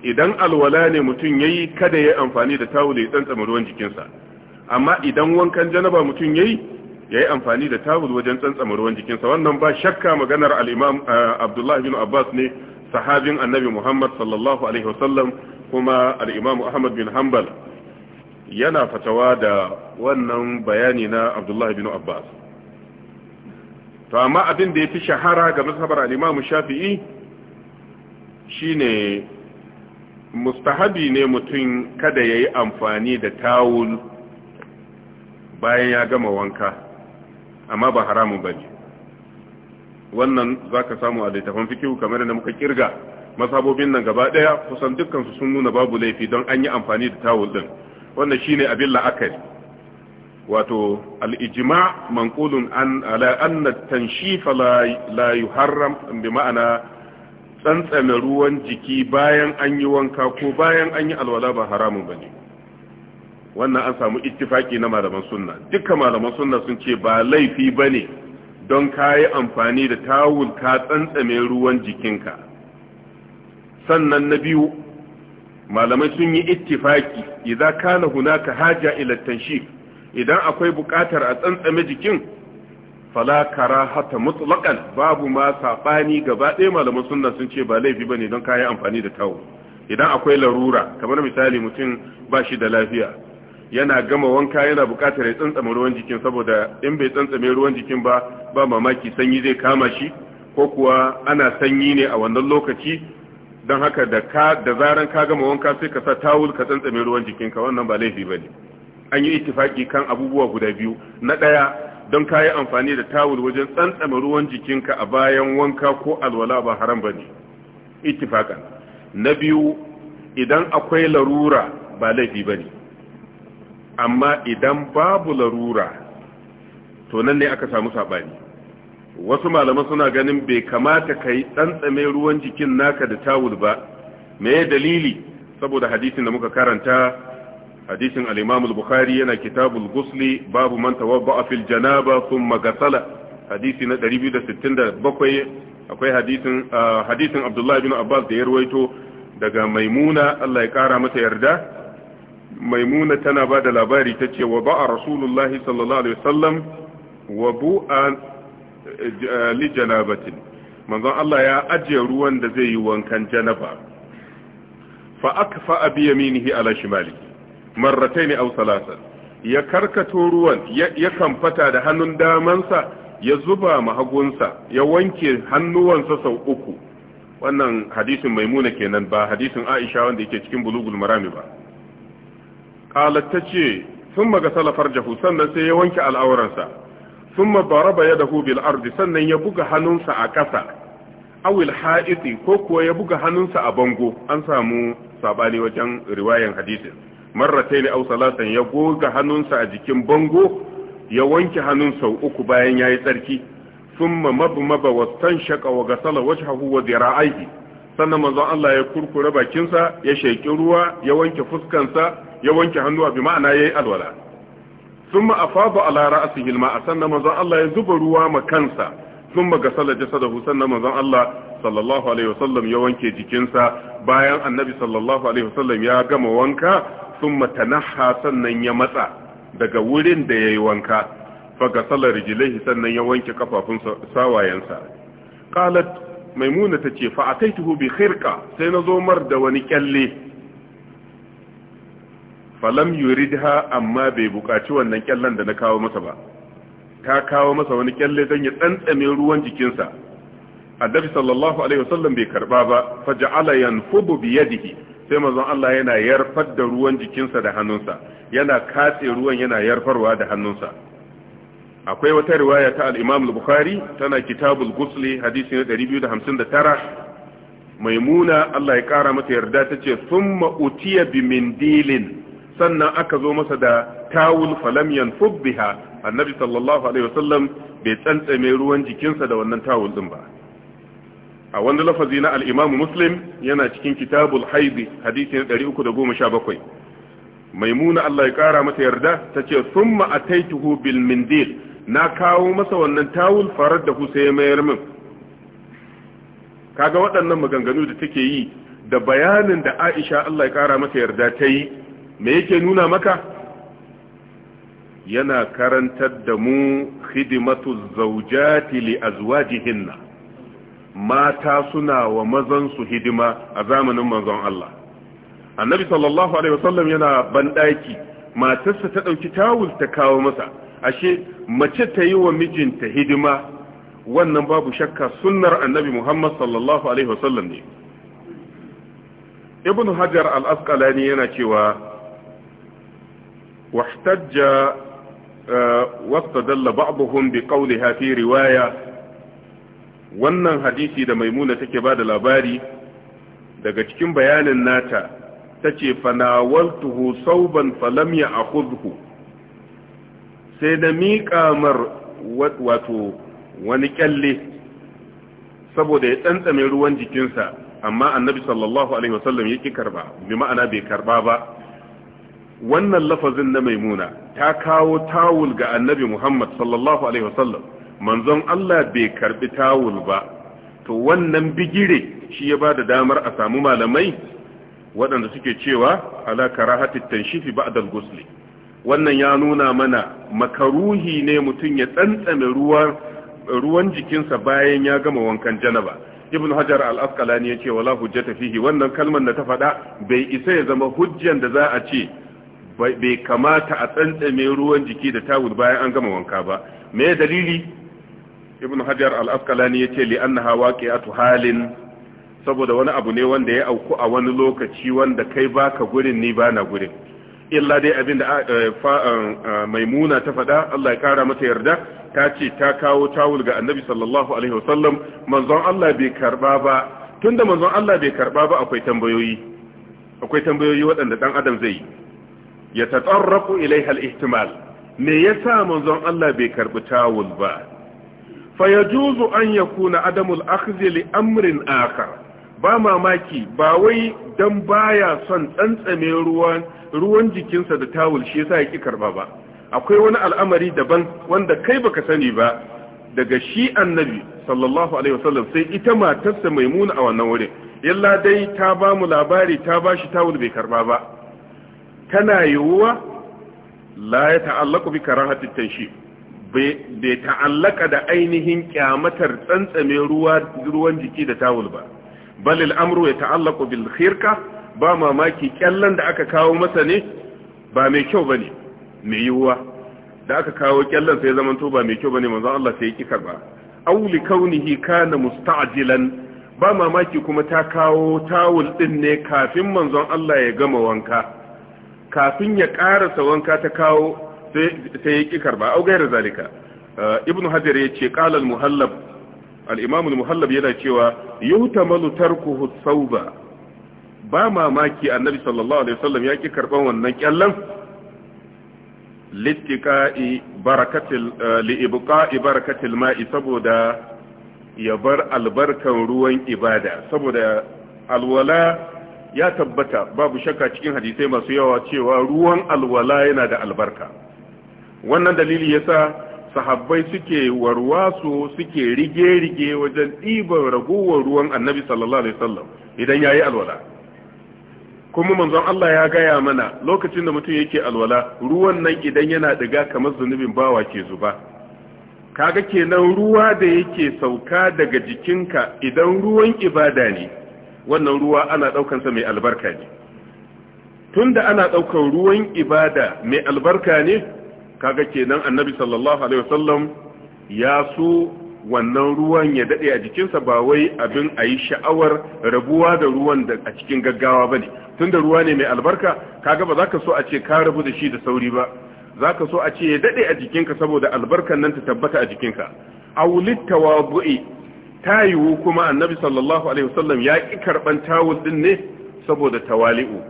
idan alwala ne mutum yayi kada ya amfani da tawul ya tsantsana ruwan jikinsa amma idan wankan janaba mutum yayi yayi amfani da tawul wajen tsantsama ruwan jikinsa wannan ba shakka maganar al-Imam eh, Abdullah bin Abbas ne sahabin annabi Muhammad sallallahu alaihi wasallam kuma al'imam Ahmad bin Hanbal yana fatawa da wannan bayani na Abdullah bin Abbas to amma abin da ya fi shahara ga mazhabar al-Imam Shafi'i shine mustahabi ne mutum kada ya yi amfani da tawul bayan ya gama wanka amma ba haramun bane wannan za ka samu a littafin fikihu kamar da muka kirga masabobin nan gaba ɗaya kusan dukkan sun nuna babu laifi don an yi amfani da tawul ɗin wannan shine abin la'akari wato al-ijma' manqulun an ala anna tanshif la yuharram bi ma'ana tsantsana ruwan jiki bayan an yi wanka ko bayan an yi alwala ba haramun bane wannan an samu ittifaki na malaman sunna dukkan malaman sunna sun ce ba laifi bane don ka yi amfani da tawul ka tsantsame ruwan jikinka sannan na biyu malamai sun yi ittifaki idan kana hunaka haja ila tanshif idan akwai bukatar a tsantsame jikin falakara karahata mutlaqan babu ma saɓani gaba ɗaya malaman sunna sun ce ba laifi bane don ka yi amfani da tawul idan akwai larura kamar misali mutum ba shi da lafiya yana gama wanka yana bukatar ya tsantsama ruwan jikin saboda in bai tsantsame ruwan jikin ba ba mamaki sanyi zai kama shi ko kuwa ana sanyi ne a wannan lokaci don haka da ka da zaran ka gama wanka sai ka sa tawul ka tsantsame ruwan jikinka wannan ba laifi bane an yi ittifaki kan abubuwa guda biyu na ɗaya don ka yi amfani da tawul wajen tsantsama ruwan jikin ka a bayan wanka ko alwala ba haram bane ittifakan na biyu idan akwai larura ba laifi bane amma idan babu larura to nan ne aka samu sabani wasu malaman suna ganin bai kamata ka yi tsantsame ruwan jikin naka da tawul ba me dalili saboda hadisin da muka karanta hadisin al bukhari yana kitabul ghusli babu man tawadda'a fil janaba thumma ghasala hadisi na 267 akwai hadisin ah, hadisin Abdullah ibn Abbas da ya ruwaito daga Maimuna Allah ya kara mata yarda maimuna tana ba da labari ta ce wa ba'a rasulullahi sallallahu alaihi wasallam wa bu'a eh, li janabatin manzon Allah ya ajiye ruwan da zai yi wankan janaba fa akfa bi yaminihi ala shimali marratayn aw salasan ya karkato ruwan ya kamfata da hannun damansa ya zuba mahagunsa ya wanke hannuwansa sau uku wannan hadisin maimuna kenan ba hadisin aisha wanda yake cikin bulugul marami ba qalat tace thumma gasala farjahu sannan sai ya wanke al'auransa thumma daraba yadahu bil ardi sannan ya buga hannunsa a ƙasa awil ha'iti ko kuwa ya buga hannunsa a bango an samu sabani wajen riwayan hadisin marratain aw salatan ya goga hannunsa a jikin bango ya wanke hannun uku bayan yayi tsarki thumma mabmaba wastanshaqa wa gasala wajhahu wa dhira'aihi sannan manzon Allah ya kurkure bakinsa ya sheki ruwa ya wanke fuskansa ya wanke hannuwa bi ma'ana yayi alwala thumma afada ala ra'sihi alma sannan manzon Allah ya zuba ruwa ma kansa thumma gasala jasadahu sannan manzon Allah sallallahu alaihi wasallam ya wanke jikinsa bayan annabi sallallahu alaihi wasallam ya gama wanka thumma tanahha sannan ya matsa daga wurin da yayi wanka fa gasala rijlaihi sannan ya wanke kafafun sawayensa qalat maimuna tace fa ataituhu bi khirqa sai nazo mar da wani kyalle falam yuridha amma bai buƙaci wannan kyallan da na kawo masa ba ta kawo masa wani kyalle don ya tsantsame ruwan jikinsa annabi sallallahu alaihi wasallam bai karba ba ja'ala yanfudu bi yadihi sai manzon Allah yana yarfar da ruwan jikinsa da hannunsa yana katse ruwan yana yarfarwa da hannunsa akwai wata riwaya ta al-Imam al-Bukhari tana kitabul ghusl hadisi na 259 maimuna Allah ya kara mata yarda tace thumma utiya bi mindilin sannan aka zo masa da tawul falamyan fubiha annabi sallallahu alaihi wasallam bai tsantsame ruwan jikinsa da wannan tawul din ba a wani lafazi na al'imamu Muslim yana cikin Kitabul haidi hadisi na 317 Maimuna Allah ya kara mata yarda tace thumma ataituhu bil mindil na kawo masa wannan tawul farar da ku sai mayar min kaga waɗannan maganganu da take yi da bayanin da Aisha Allah ya kara mata yarda ta yi me yake nuna maka yana karantar da mu khidimatu zaujati li azwajihinna mata suna wa mazansu hidima a zamanin manzon Allah annabi sallallahu alaihi wasallam yana bandaki matarsa ta dauki tawul ta kawo masa ashe mace ta yi wa mijinta hidima wannan babu shakka sunnar annabi Muhammad sallallahu alaihi wasallam ne ibn hajar al-asqalani yana cewa واحتج واستدل بعضهم بقولها في رواية wannan hadisi da maimuna take ba da labari daga cikin bayanin nata ta ce fanawaltuhu sauban falam ya huzhu sai da miƙa mar wato wani kyalle saboda ya tsantsame ruwan jikinsa amma annabi sallallahu alaihi wasallam ƙi karba bi ma'ana bai karba ba wannan lafazin na maimuna ta kawo tawul ga annabi muhammad sallallahu alaihi wasallam manzon allah bai karbi tawul ba to wannan bigire shi ya ba da damar a samu malamai waɗanda suke cewa ala karahatit tanshifi ba'da al wannan ya nuna mana makaruhi ne mutum ya tsantsame ruwan ruwan jikinsa bayan ya gama wankan janaba ibn hajar al-asqalani yace wala hujjata fihi wannan kalmar da ta faɗa bai isa ya zama hujjan da za a ce bai kamata a tsantsame ruwan jiki da tawul bayan an gama wanka ba me dalili ibn hajar al-asqalani yace li annaha waqi'atu halin saboda wani abu ne wanda ya auku a wani lokaci wanda kai baka gurin ni bana gurin illa dai abinda eh, eh, eh, maimuna ta faɗa Allah ya kara mata yarda ta ce ta kawo tawul ga annabi sallallahu alaihi wasallam manzon Allah bai karba ba tunda manzon Allah bai karba ba akwai tambayoyi akwai tambayoyi waɗanda dan adam zai yi ya tatsarraku ilaiha al-ihtimal me yasa manzon Allah bai karbi tawul ba fa an yakuna adamul akhdh li amrin akhar ba mamaki ba wai dan baya son tsantsame ruwan ruwan jikinsa da tawul shi yasa yake karba ba akwai wani al'amari daban wanda kai baka sani ba daga shi annabi sallallahu alaihi wasallam sai ita matarsa maimuna a wannan wurin yalla dai ta ba mu labari ta bashi tawul bai karba ba tana yiwuwa la ya ta'allaku bi karahatit tanshib bai ta'allaka da ainihin kyamatar tsantsame ruwa ruwan jiki da tawul ba bal al'amru ya ta'allaku bil khirka ba mamaki kyallan da aka kawo masa ne ba mai kyau bane mai yiwuwa da aka kawo kyallan sai zaman to ba mai kyau bane manzo Allah sai ya karba ba aw li kaunihi kana musta'jilan ba mamaki kuma ta kawo tawul din ne kafin manzon Allah ya gama wanka kafin ya ƙarasa wanka ta kawo sai ya ƙi karba au gaira zalika eh, ibn hajar ya ce ƙalal muhallab al'imamul muhallab yana cewa yau ta malutar ku hussau ba mamaki annabi sallallahu alaihi wasallam ya ƙi karban wannan kyallan littika'i eh, barakatil ma'i saboda ya bar albarkan ruwan ibada saboda alwala ya tabbata babu shakka cikin hadisai masu yawa cewa ruwan alwala yana da albarka wannan dalili yasa sahabbai suke warwaso suke rige-rige wajen ɗiban ragowar ruwan annabi sallallahu alaihi wasallam idan yayi alwala kuma manzon Allah ya gaya mana lokacin da mutum yake alwala ruwan nan idan yana diga kamar zunubin bawa ke zuba kaga kenan ruwa da yake sauka daga jikinka idan ruwan ibada ne wannan ruwa ana ɗaukansa mai albarka ne tunda ana ɗaukan ruwan ibada mai albarka ne kaga kenan annabi sallallahu alaihi wasallam ya so wannan ruwan ya daɗe a jikinsa ba wai abin a yi sha'awar rabuwa da ruwan da a cikin gaggawa ba ne tun ruwa ne mai albarka kaga ba za ka so a ce ka rabu da shi da sauri ba za ka so a ce ya daɗe a jikinka saboda albarkan nan ta tabbata a jikinka a wulit tawabu'i ta yiwu kuma annabi sallallahu alaihi wasallam ya ƙi karban tawul din ne saboda tawali'u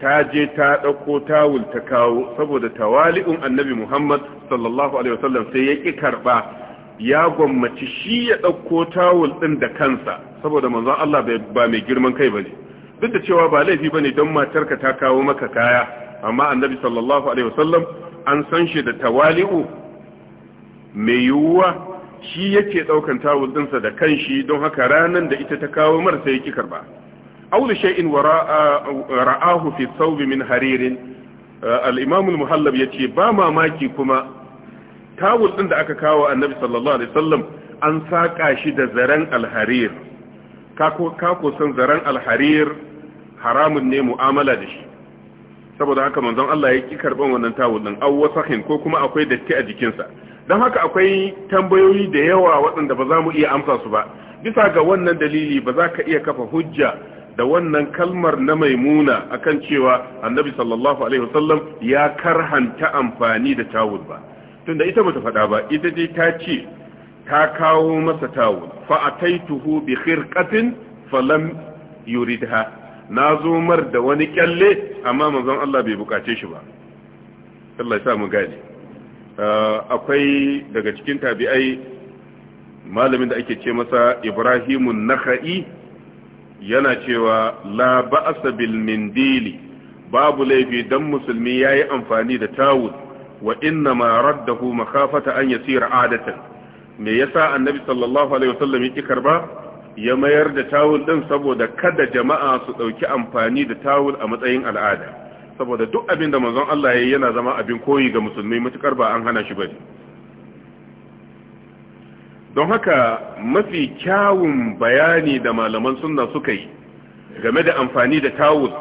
ta je ta dauko tawul ta kawo saboda tawali'un annabi Muhammad sallallahu alaihi wasallam sai ya ƙi karba ya gwammaci shi ya dauko tawul din da kansa saboda manzon Allah ba mai girman kai ne duk da cewa ba laifi bane don matarka ta kawo maka kaya amma annabi sallallahu alaihi wasallam an san shi da tawali'u mai yiwuwa shi yake daukan tawul dinsa da kanshi don haka ranan da ita ta kawo mar sai yake karba aw li shay'in ra'ahu fi thawb min haririn uh, al-imam al-muhallab yace ba mamaki kuma tawul din da aka kawo annabi sallallahu alaihi wasallam an saka shi da zaren al-harir kako kako san zaren al-harir haramun ne mu'amala da shi saboda haka manzon Allah ya ki karban wannan tawul din aw wasahin ko kuma akwai datti a jikinsa don haka akwai tambayoyi da yawa waɗanda ba za mu iya amsa su ba bisa ga wannan dalili ba za ka iya kafa hujja da wannan kalmar na maimuna akan cewa annabi sallallahu alaihi wasallam ya karhanta amfani da tawul ba tunda ita bata faɗa ba ita dai ta ce ta kawo masa tawul fa ataituhu bi khirqatin falam yuridha nazo mar da wani kyalle amma manzon Allah bai bukace shi ba Allah ya sa mu gane Ah, akwai daga cikin tabi'ai malamin da ake ce masa ibrahimun naka'i yana cewa la ba'asa bil mindili babu laifi don musulmi yayi amfani da tawul wa inna ma raddahu makhafata an yasira adatan me yasa annabi sallallahu alaihi wasallam yake karba ya mayar da tawul din saboda kada jama'a su dauki amfani da tawul a matsayin al'ada saboda duk abin da manzon Allah yayi yana zama abin koyi ga musulmi mutukar ba an hana shi ba don haka mafi kyawun bayani da malaman sunna suka yi game da amfani da tawul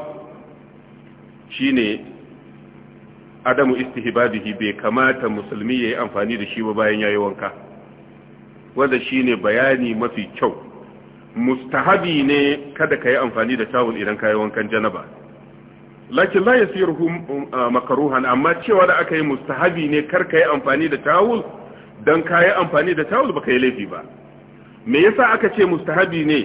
shine adamu istihbabihi bai kamata musulmi yayi amfani da shi ba bayan yayi wanka wanda shine bayani mafi kyau mustahabi ne kada ka yi amfani da tawul idan ka yi wankan janaba lakin la yasiruhu um, uh, makruhan amma cewa da aka yi mustahabi ne kar ka yi amfani da tawul dan ka yi amfani da tawul baka yi laifi ba me yasa aka ce mustahabi ne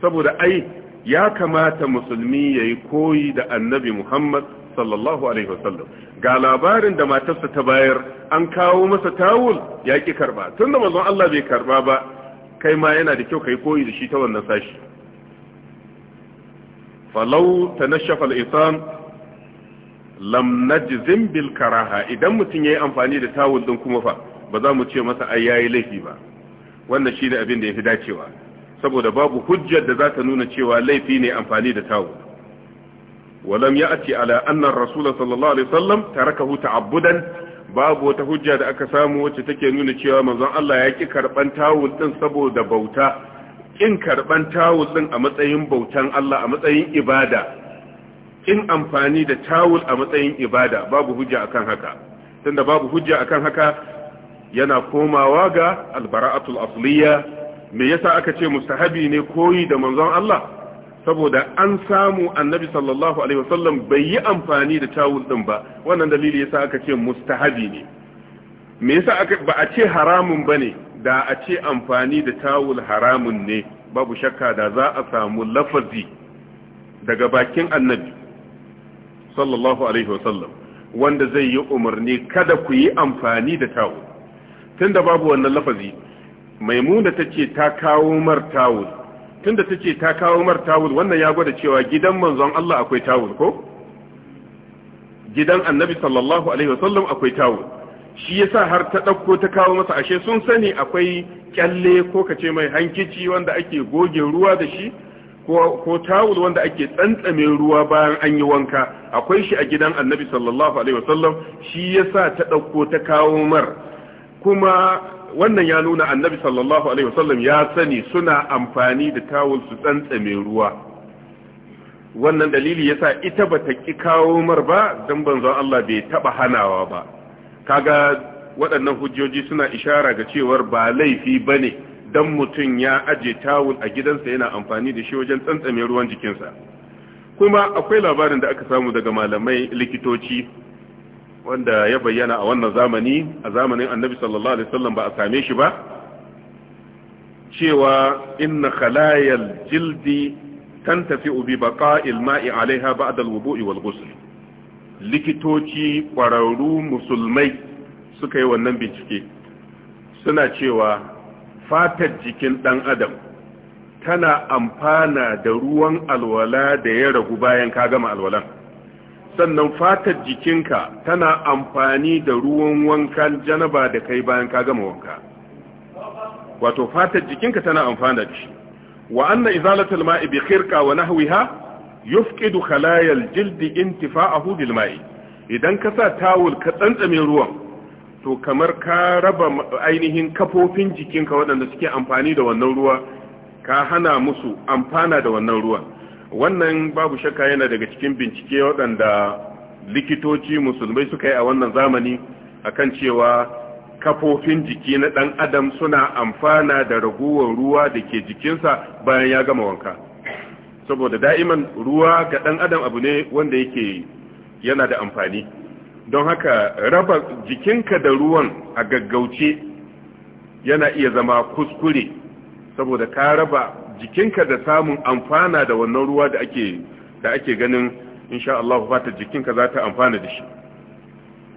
saboda ai ya kamata musulmi yayi koyi da annabi Muhammad sallallahu alaihi wasallam ga labarin da matarsa ta bayar an kawo masa tawul ya ki karba tunda manzon Allah bai karba ba kai ma yana da kyau yi koyi da shi ta wannan sashi falau ta al-itam lam najzim bil karaha idan mutum yayi amfani da tawul din kuma fa ba za mu ce masa ai yayi laifi ba wannan shine abin da yafi dacewa saboda babu hujjar da za ta nuna cewa laifi ne amfani da tawul walam ya'ti ala anna ar-rasul sallallahu alaihi wasallam tarakahu ta'abbudan babu wata hujja da aka samu wacce take nuna cewa manzon Allah ya ki karban tawul din saboda bauta in karban tawul din a matsayin bautan Allah a matsayin ibada in amfani da tawul a matsayin ibada babu hujja akan haka tunda babu hujja akan haka yana komawa ga albara'atul asliya me yasa aka ce mustahabi ne koyi da manzon Allah saboda an samu annabi sallallahu alaihi wasallam bai yi amfani da tawul din ba wannan dalili yasa aka ce mustahabi ne me yasa aka ba a ce haramun bane da a ce amfani da tawul haramun ne babu shakka da za a samu lafazi daga bakin annabi sallallahu alaihi wasallam wanda zai yi umarni kada ku yi amfani da tawul tunda babu wannan lafazi maimuna tace ta kawo mar tawul tunda tace ta kawo mar tawul wannan ya gwada cewa gidan manzon Allah akwai tawul ko gidan annabi sallallahu alaihi wasallam akwai tawul shi yasa har ta dauko ta kawo masa ashe sun sani akwai kyalle ko kace mai hankici wanda ake goge ruwa da shi ko tawul wanda ake tsantsame ruwa bayan an yi wanka akwai shi a gidan annabi sallallahu alaihi wasallam shi yasa ta ɗauko ta kawo mar kuma wannan ya nuna annabi sallallahu alaihi wasallam ya sani suna amfani da tawul su tsantsame ruwa wannan dalili yasa ita bata ki kawo mar ba dan banzan Allah bai taɓa hanawa ba kaga waɗannan hujjoji suna ishara ga cewar ba laifi bane dan mutum ya aje tawul a gidansa yana amfani da shi wajen tsantsame ruwan jikinsa kuma akwai labarin da aka samu daga malamai likitoci wanda ya bayyana a wannan zamani a zamanin annabi sallallahu alaihi wasallam ba a same shi ba cewa inna khalayal jildi tantafi'u bi baqa'il ma'i 'alayha ba'da al-wudu'i wal ghusl likitoci kwararru musulmai suka yi wannan bincike suna cewa fatar jikin ɗan adam tana amfana da ruwan alwala da ya ragu bayan ka gama alwalan sannan fatar jikinka tana amfani da ruwan wankan janaba da kai bayan ka gama wanka wato fatar jikinka tana amfana da shi wa anna izalatul ma'i bi khirqa wa nahwiha yufqidu khalayal jildi intifa'ahu bil ma'i idan ka sa tawul ka tsantsame ruwan to kamar ka raba ainihin kafofin jikinka waɗanda suke amfani da wannan ruwa ka hana musu amfana da wannan ruwa wannan babu shakka yana daga cikin bincike waɗanda likitoci musulmai suka yi a wannan zamani akan cewa kafofin jiki na ɗan adam suna amfana da raguwar ruwa da ke jikinsa bayan ya gama wanka saboda da'iman ruwa ga ɗan adam abu ne wanda yake yana da amfani don haka raba jikinka da ruwan a gaggauce yana iya zama kuskure saboda ka raba jikinka da samun amfana da wannan ruwa da ake da ake ganin insha Allah fata jikinka za ta amfana da shi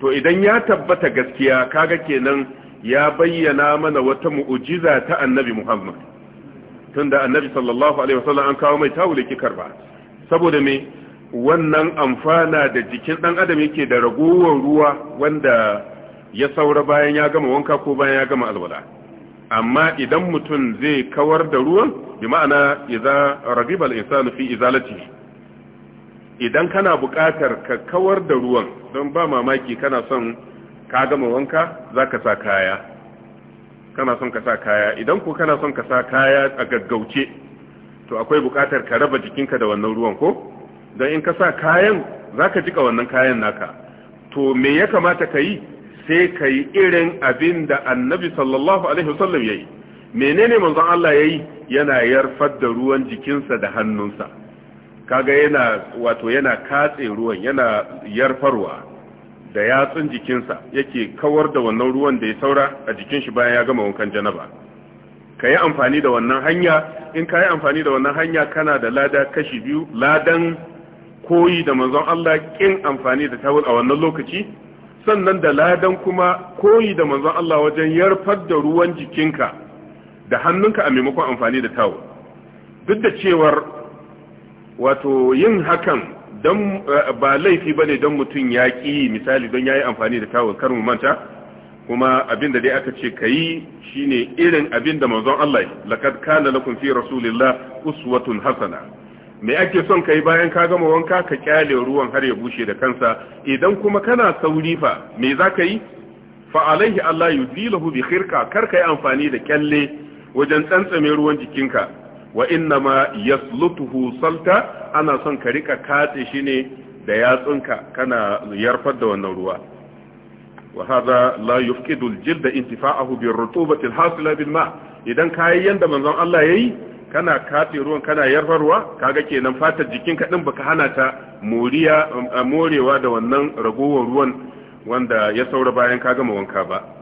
to idan ya tabbata gaskiya kaga kenan ya bayyana mana wata mu'jiza ta annabi Muhammad tunda annabi sallallahu alaihi wasallam an kawo mai tawule ki karba saboda me wannan amfana da jikin ɗan adam yake da ragowar ruwa wanda ya saura bayan ya gama wanka ko bayan ya gama alwala amma idan mutum zai kawar da ruwan bi ma'ana idza ragiba insanu fi izalati idan kana buƙatar ka kawar da ruwan don ba mamaki kana son ka gama wanka zaka sa kaya kana son ka sa kaya idan ko kana son ka sa kaya a gaggauce to akwai buƙatar ka raba jikinka da wannan ruwan ko don in ka sa kayan za ka jika wannan kayan naka to me ya kamata ka yi sai ka yi irin abin da annabi sallallahu alaihi wasallam ya yi menene manzon Allah ya yi yana yarfar da ruwan jikinsa da hannunsa kaga yana wato yana katse ruwan yana yarfarwa da yatsun jikinsa yake kawar da wannan ruwan da ya saura a jikin shi bayan ya gama wankan janaba ka yi amfani da wannan hanya in ka yi amfani da wannan hanya kana da lada kashi biyu ladan koyi da manzon Allah kin amfani da tawul a wannan lokaci sannan da ladan kuma koyi da manzon Allah wajen yarfar da ruwan jikinka da hannunka a maimakon amfani da tawul duk da cewar wato yin hakan don eh, ba laifi bane dan mutum ya ƙi misali don ya yi amfani da tawul kar mu manta kuma abin da dai aka ce ka shine irin abin da manzon Allah yi kana lakum fi rasulillah uswatun hasana me ake son kai bayan ka gama wanka ka kyale ruwan har ya bushe da kansa idan kuma kana sauri fa me zaka yi fa alaihi Allah yudilahu bi khirqa kar yi amfani da kyalle wajen tsantsame ruwan jikinka wa inna ma yaslutuhu salta ana son ka rika katse shi ne da yatsunka kana yarfar da wannan ruwa wa hadha la yufqidu al-jilda intifa'ahu bi ar-rutubati al-hasila bil ma' idan kayi yanda manzon Allah yayi kana katse ruwan kana yarfarwa kaga kenan fatar jikinka din baka hana ta moriya eh, morewa da wannan ragowar ruwan wanda ya saura bayan ka gama wanka ba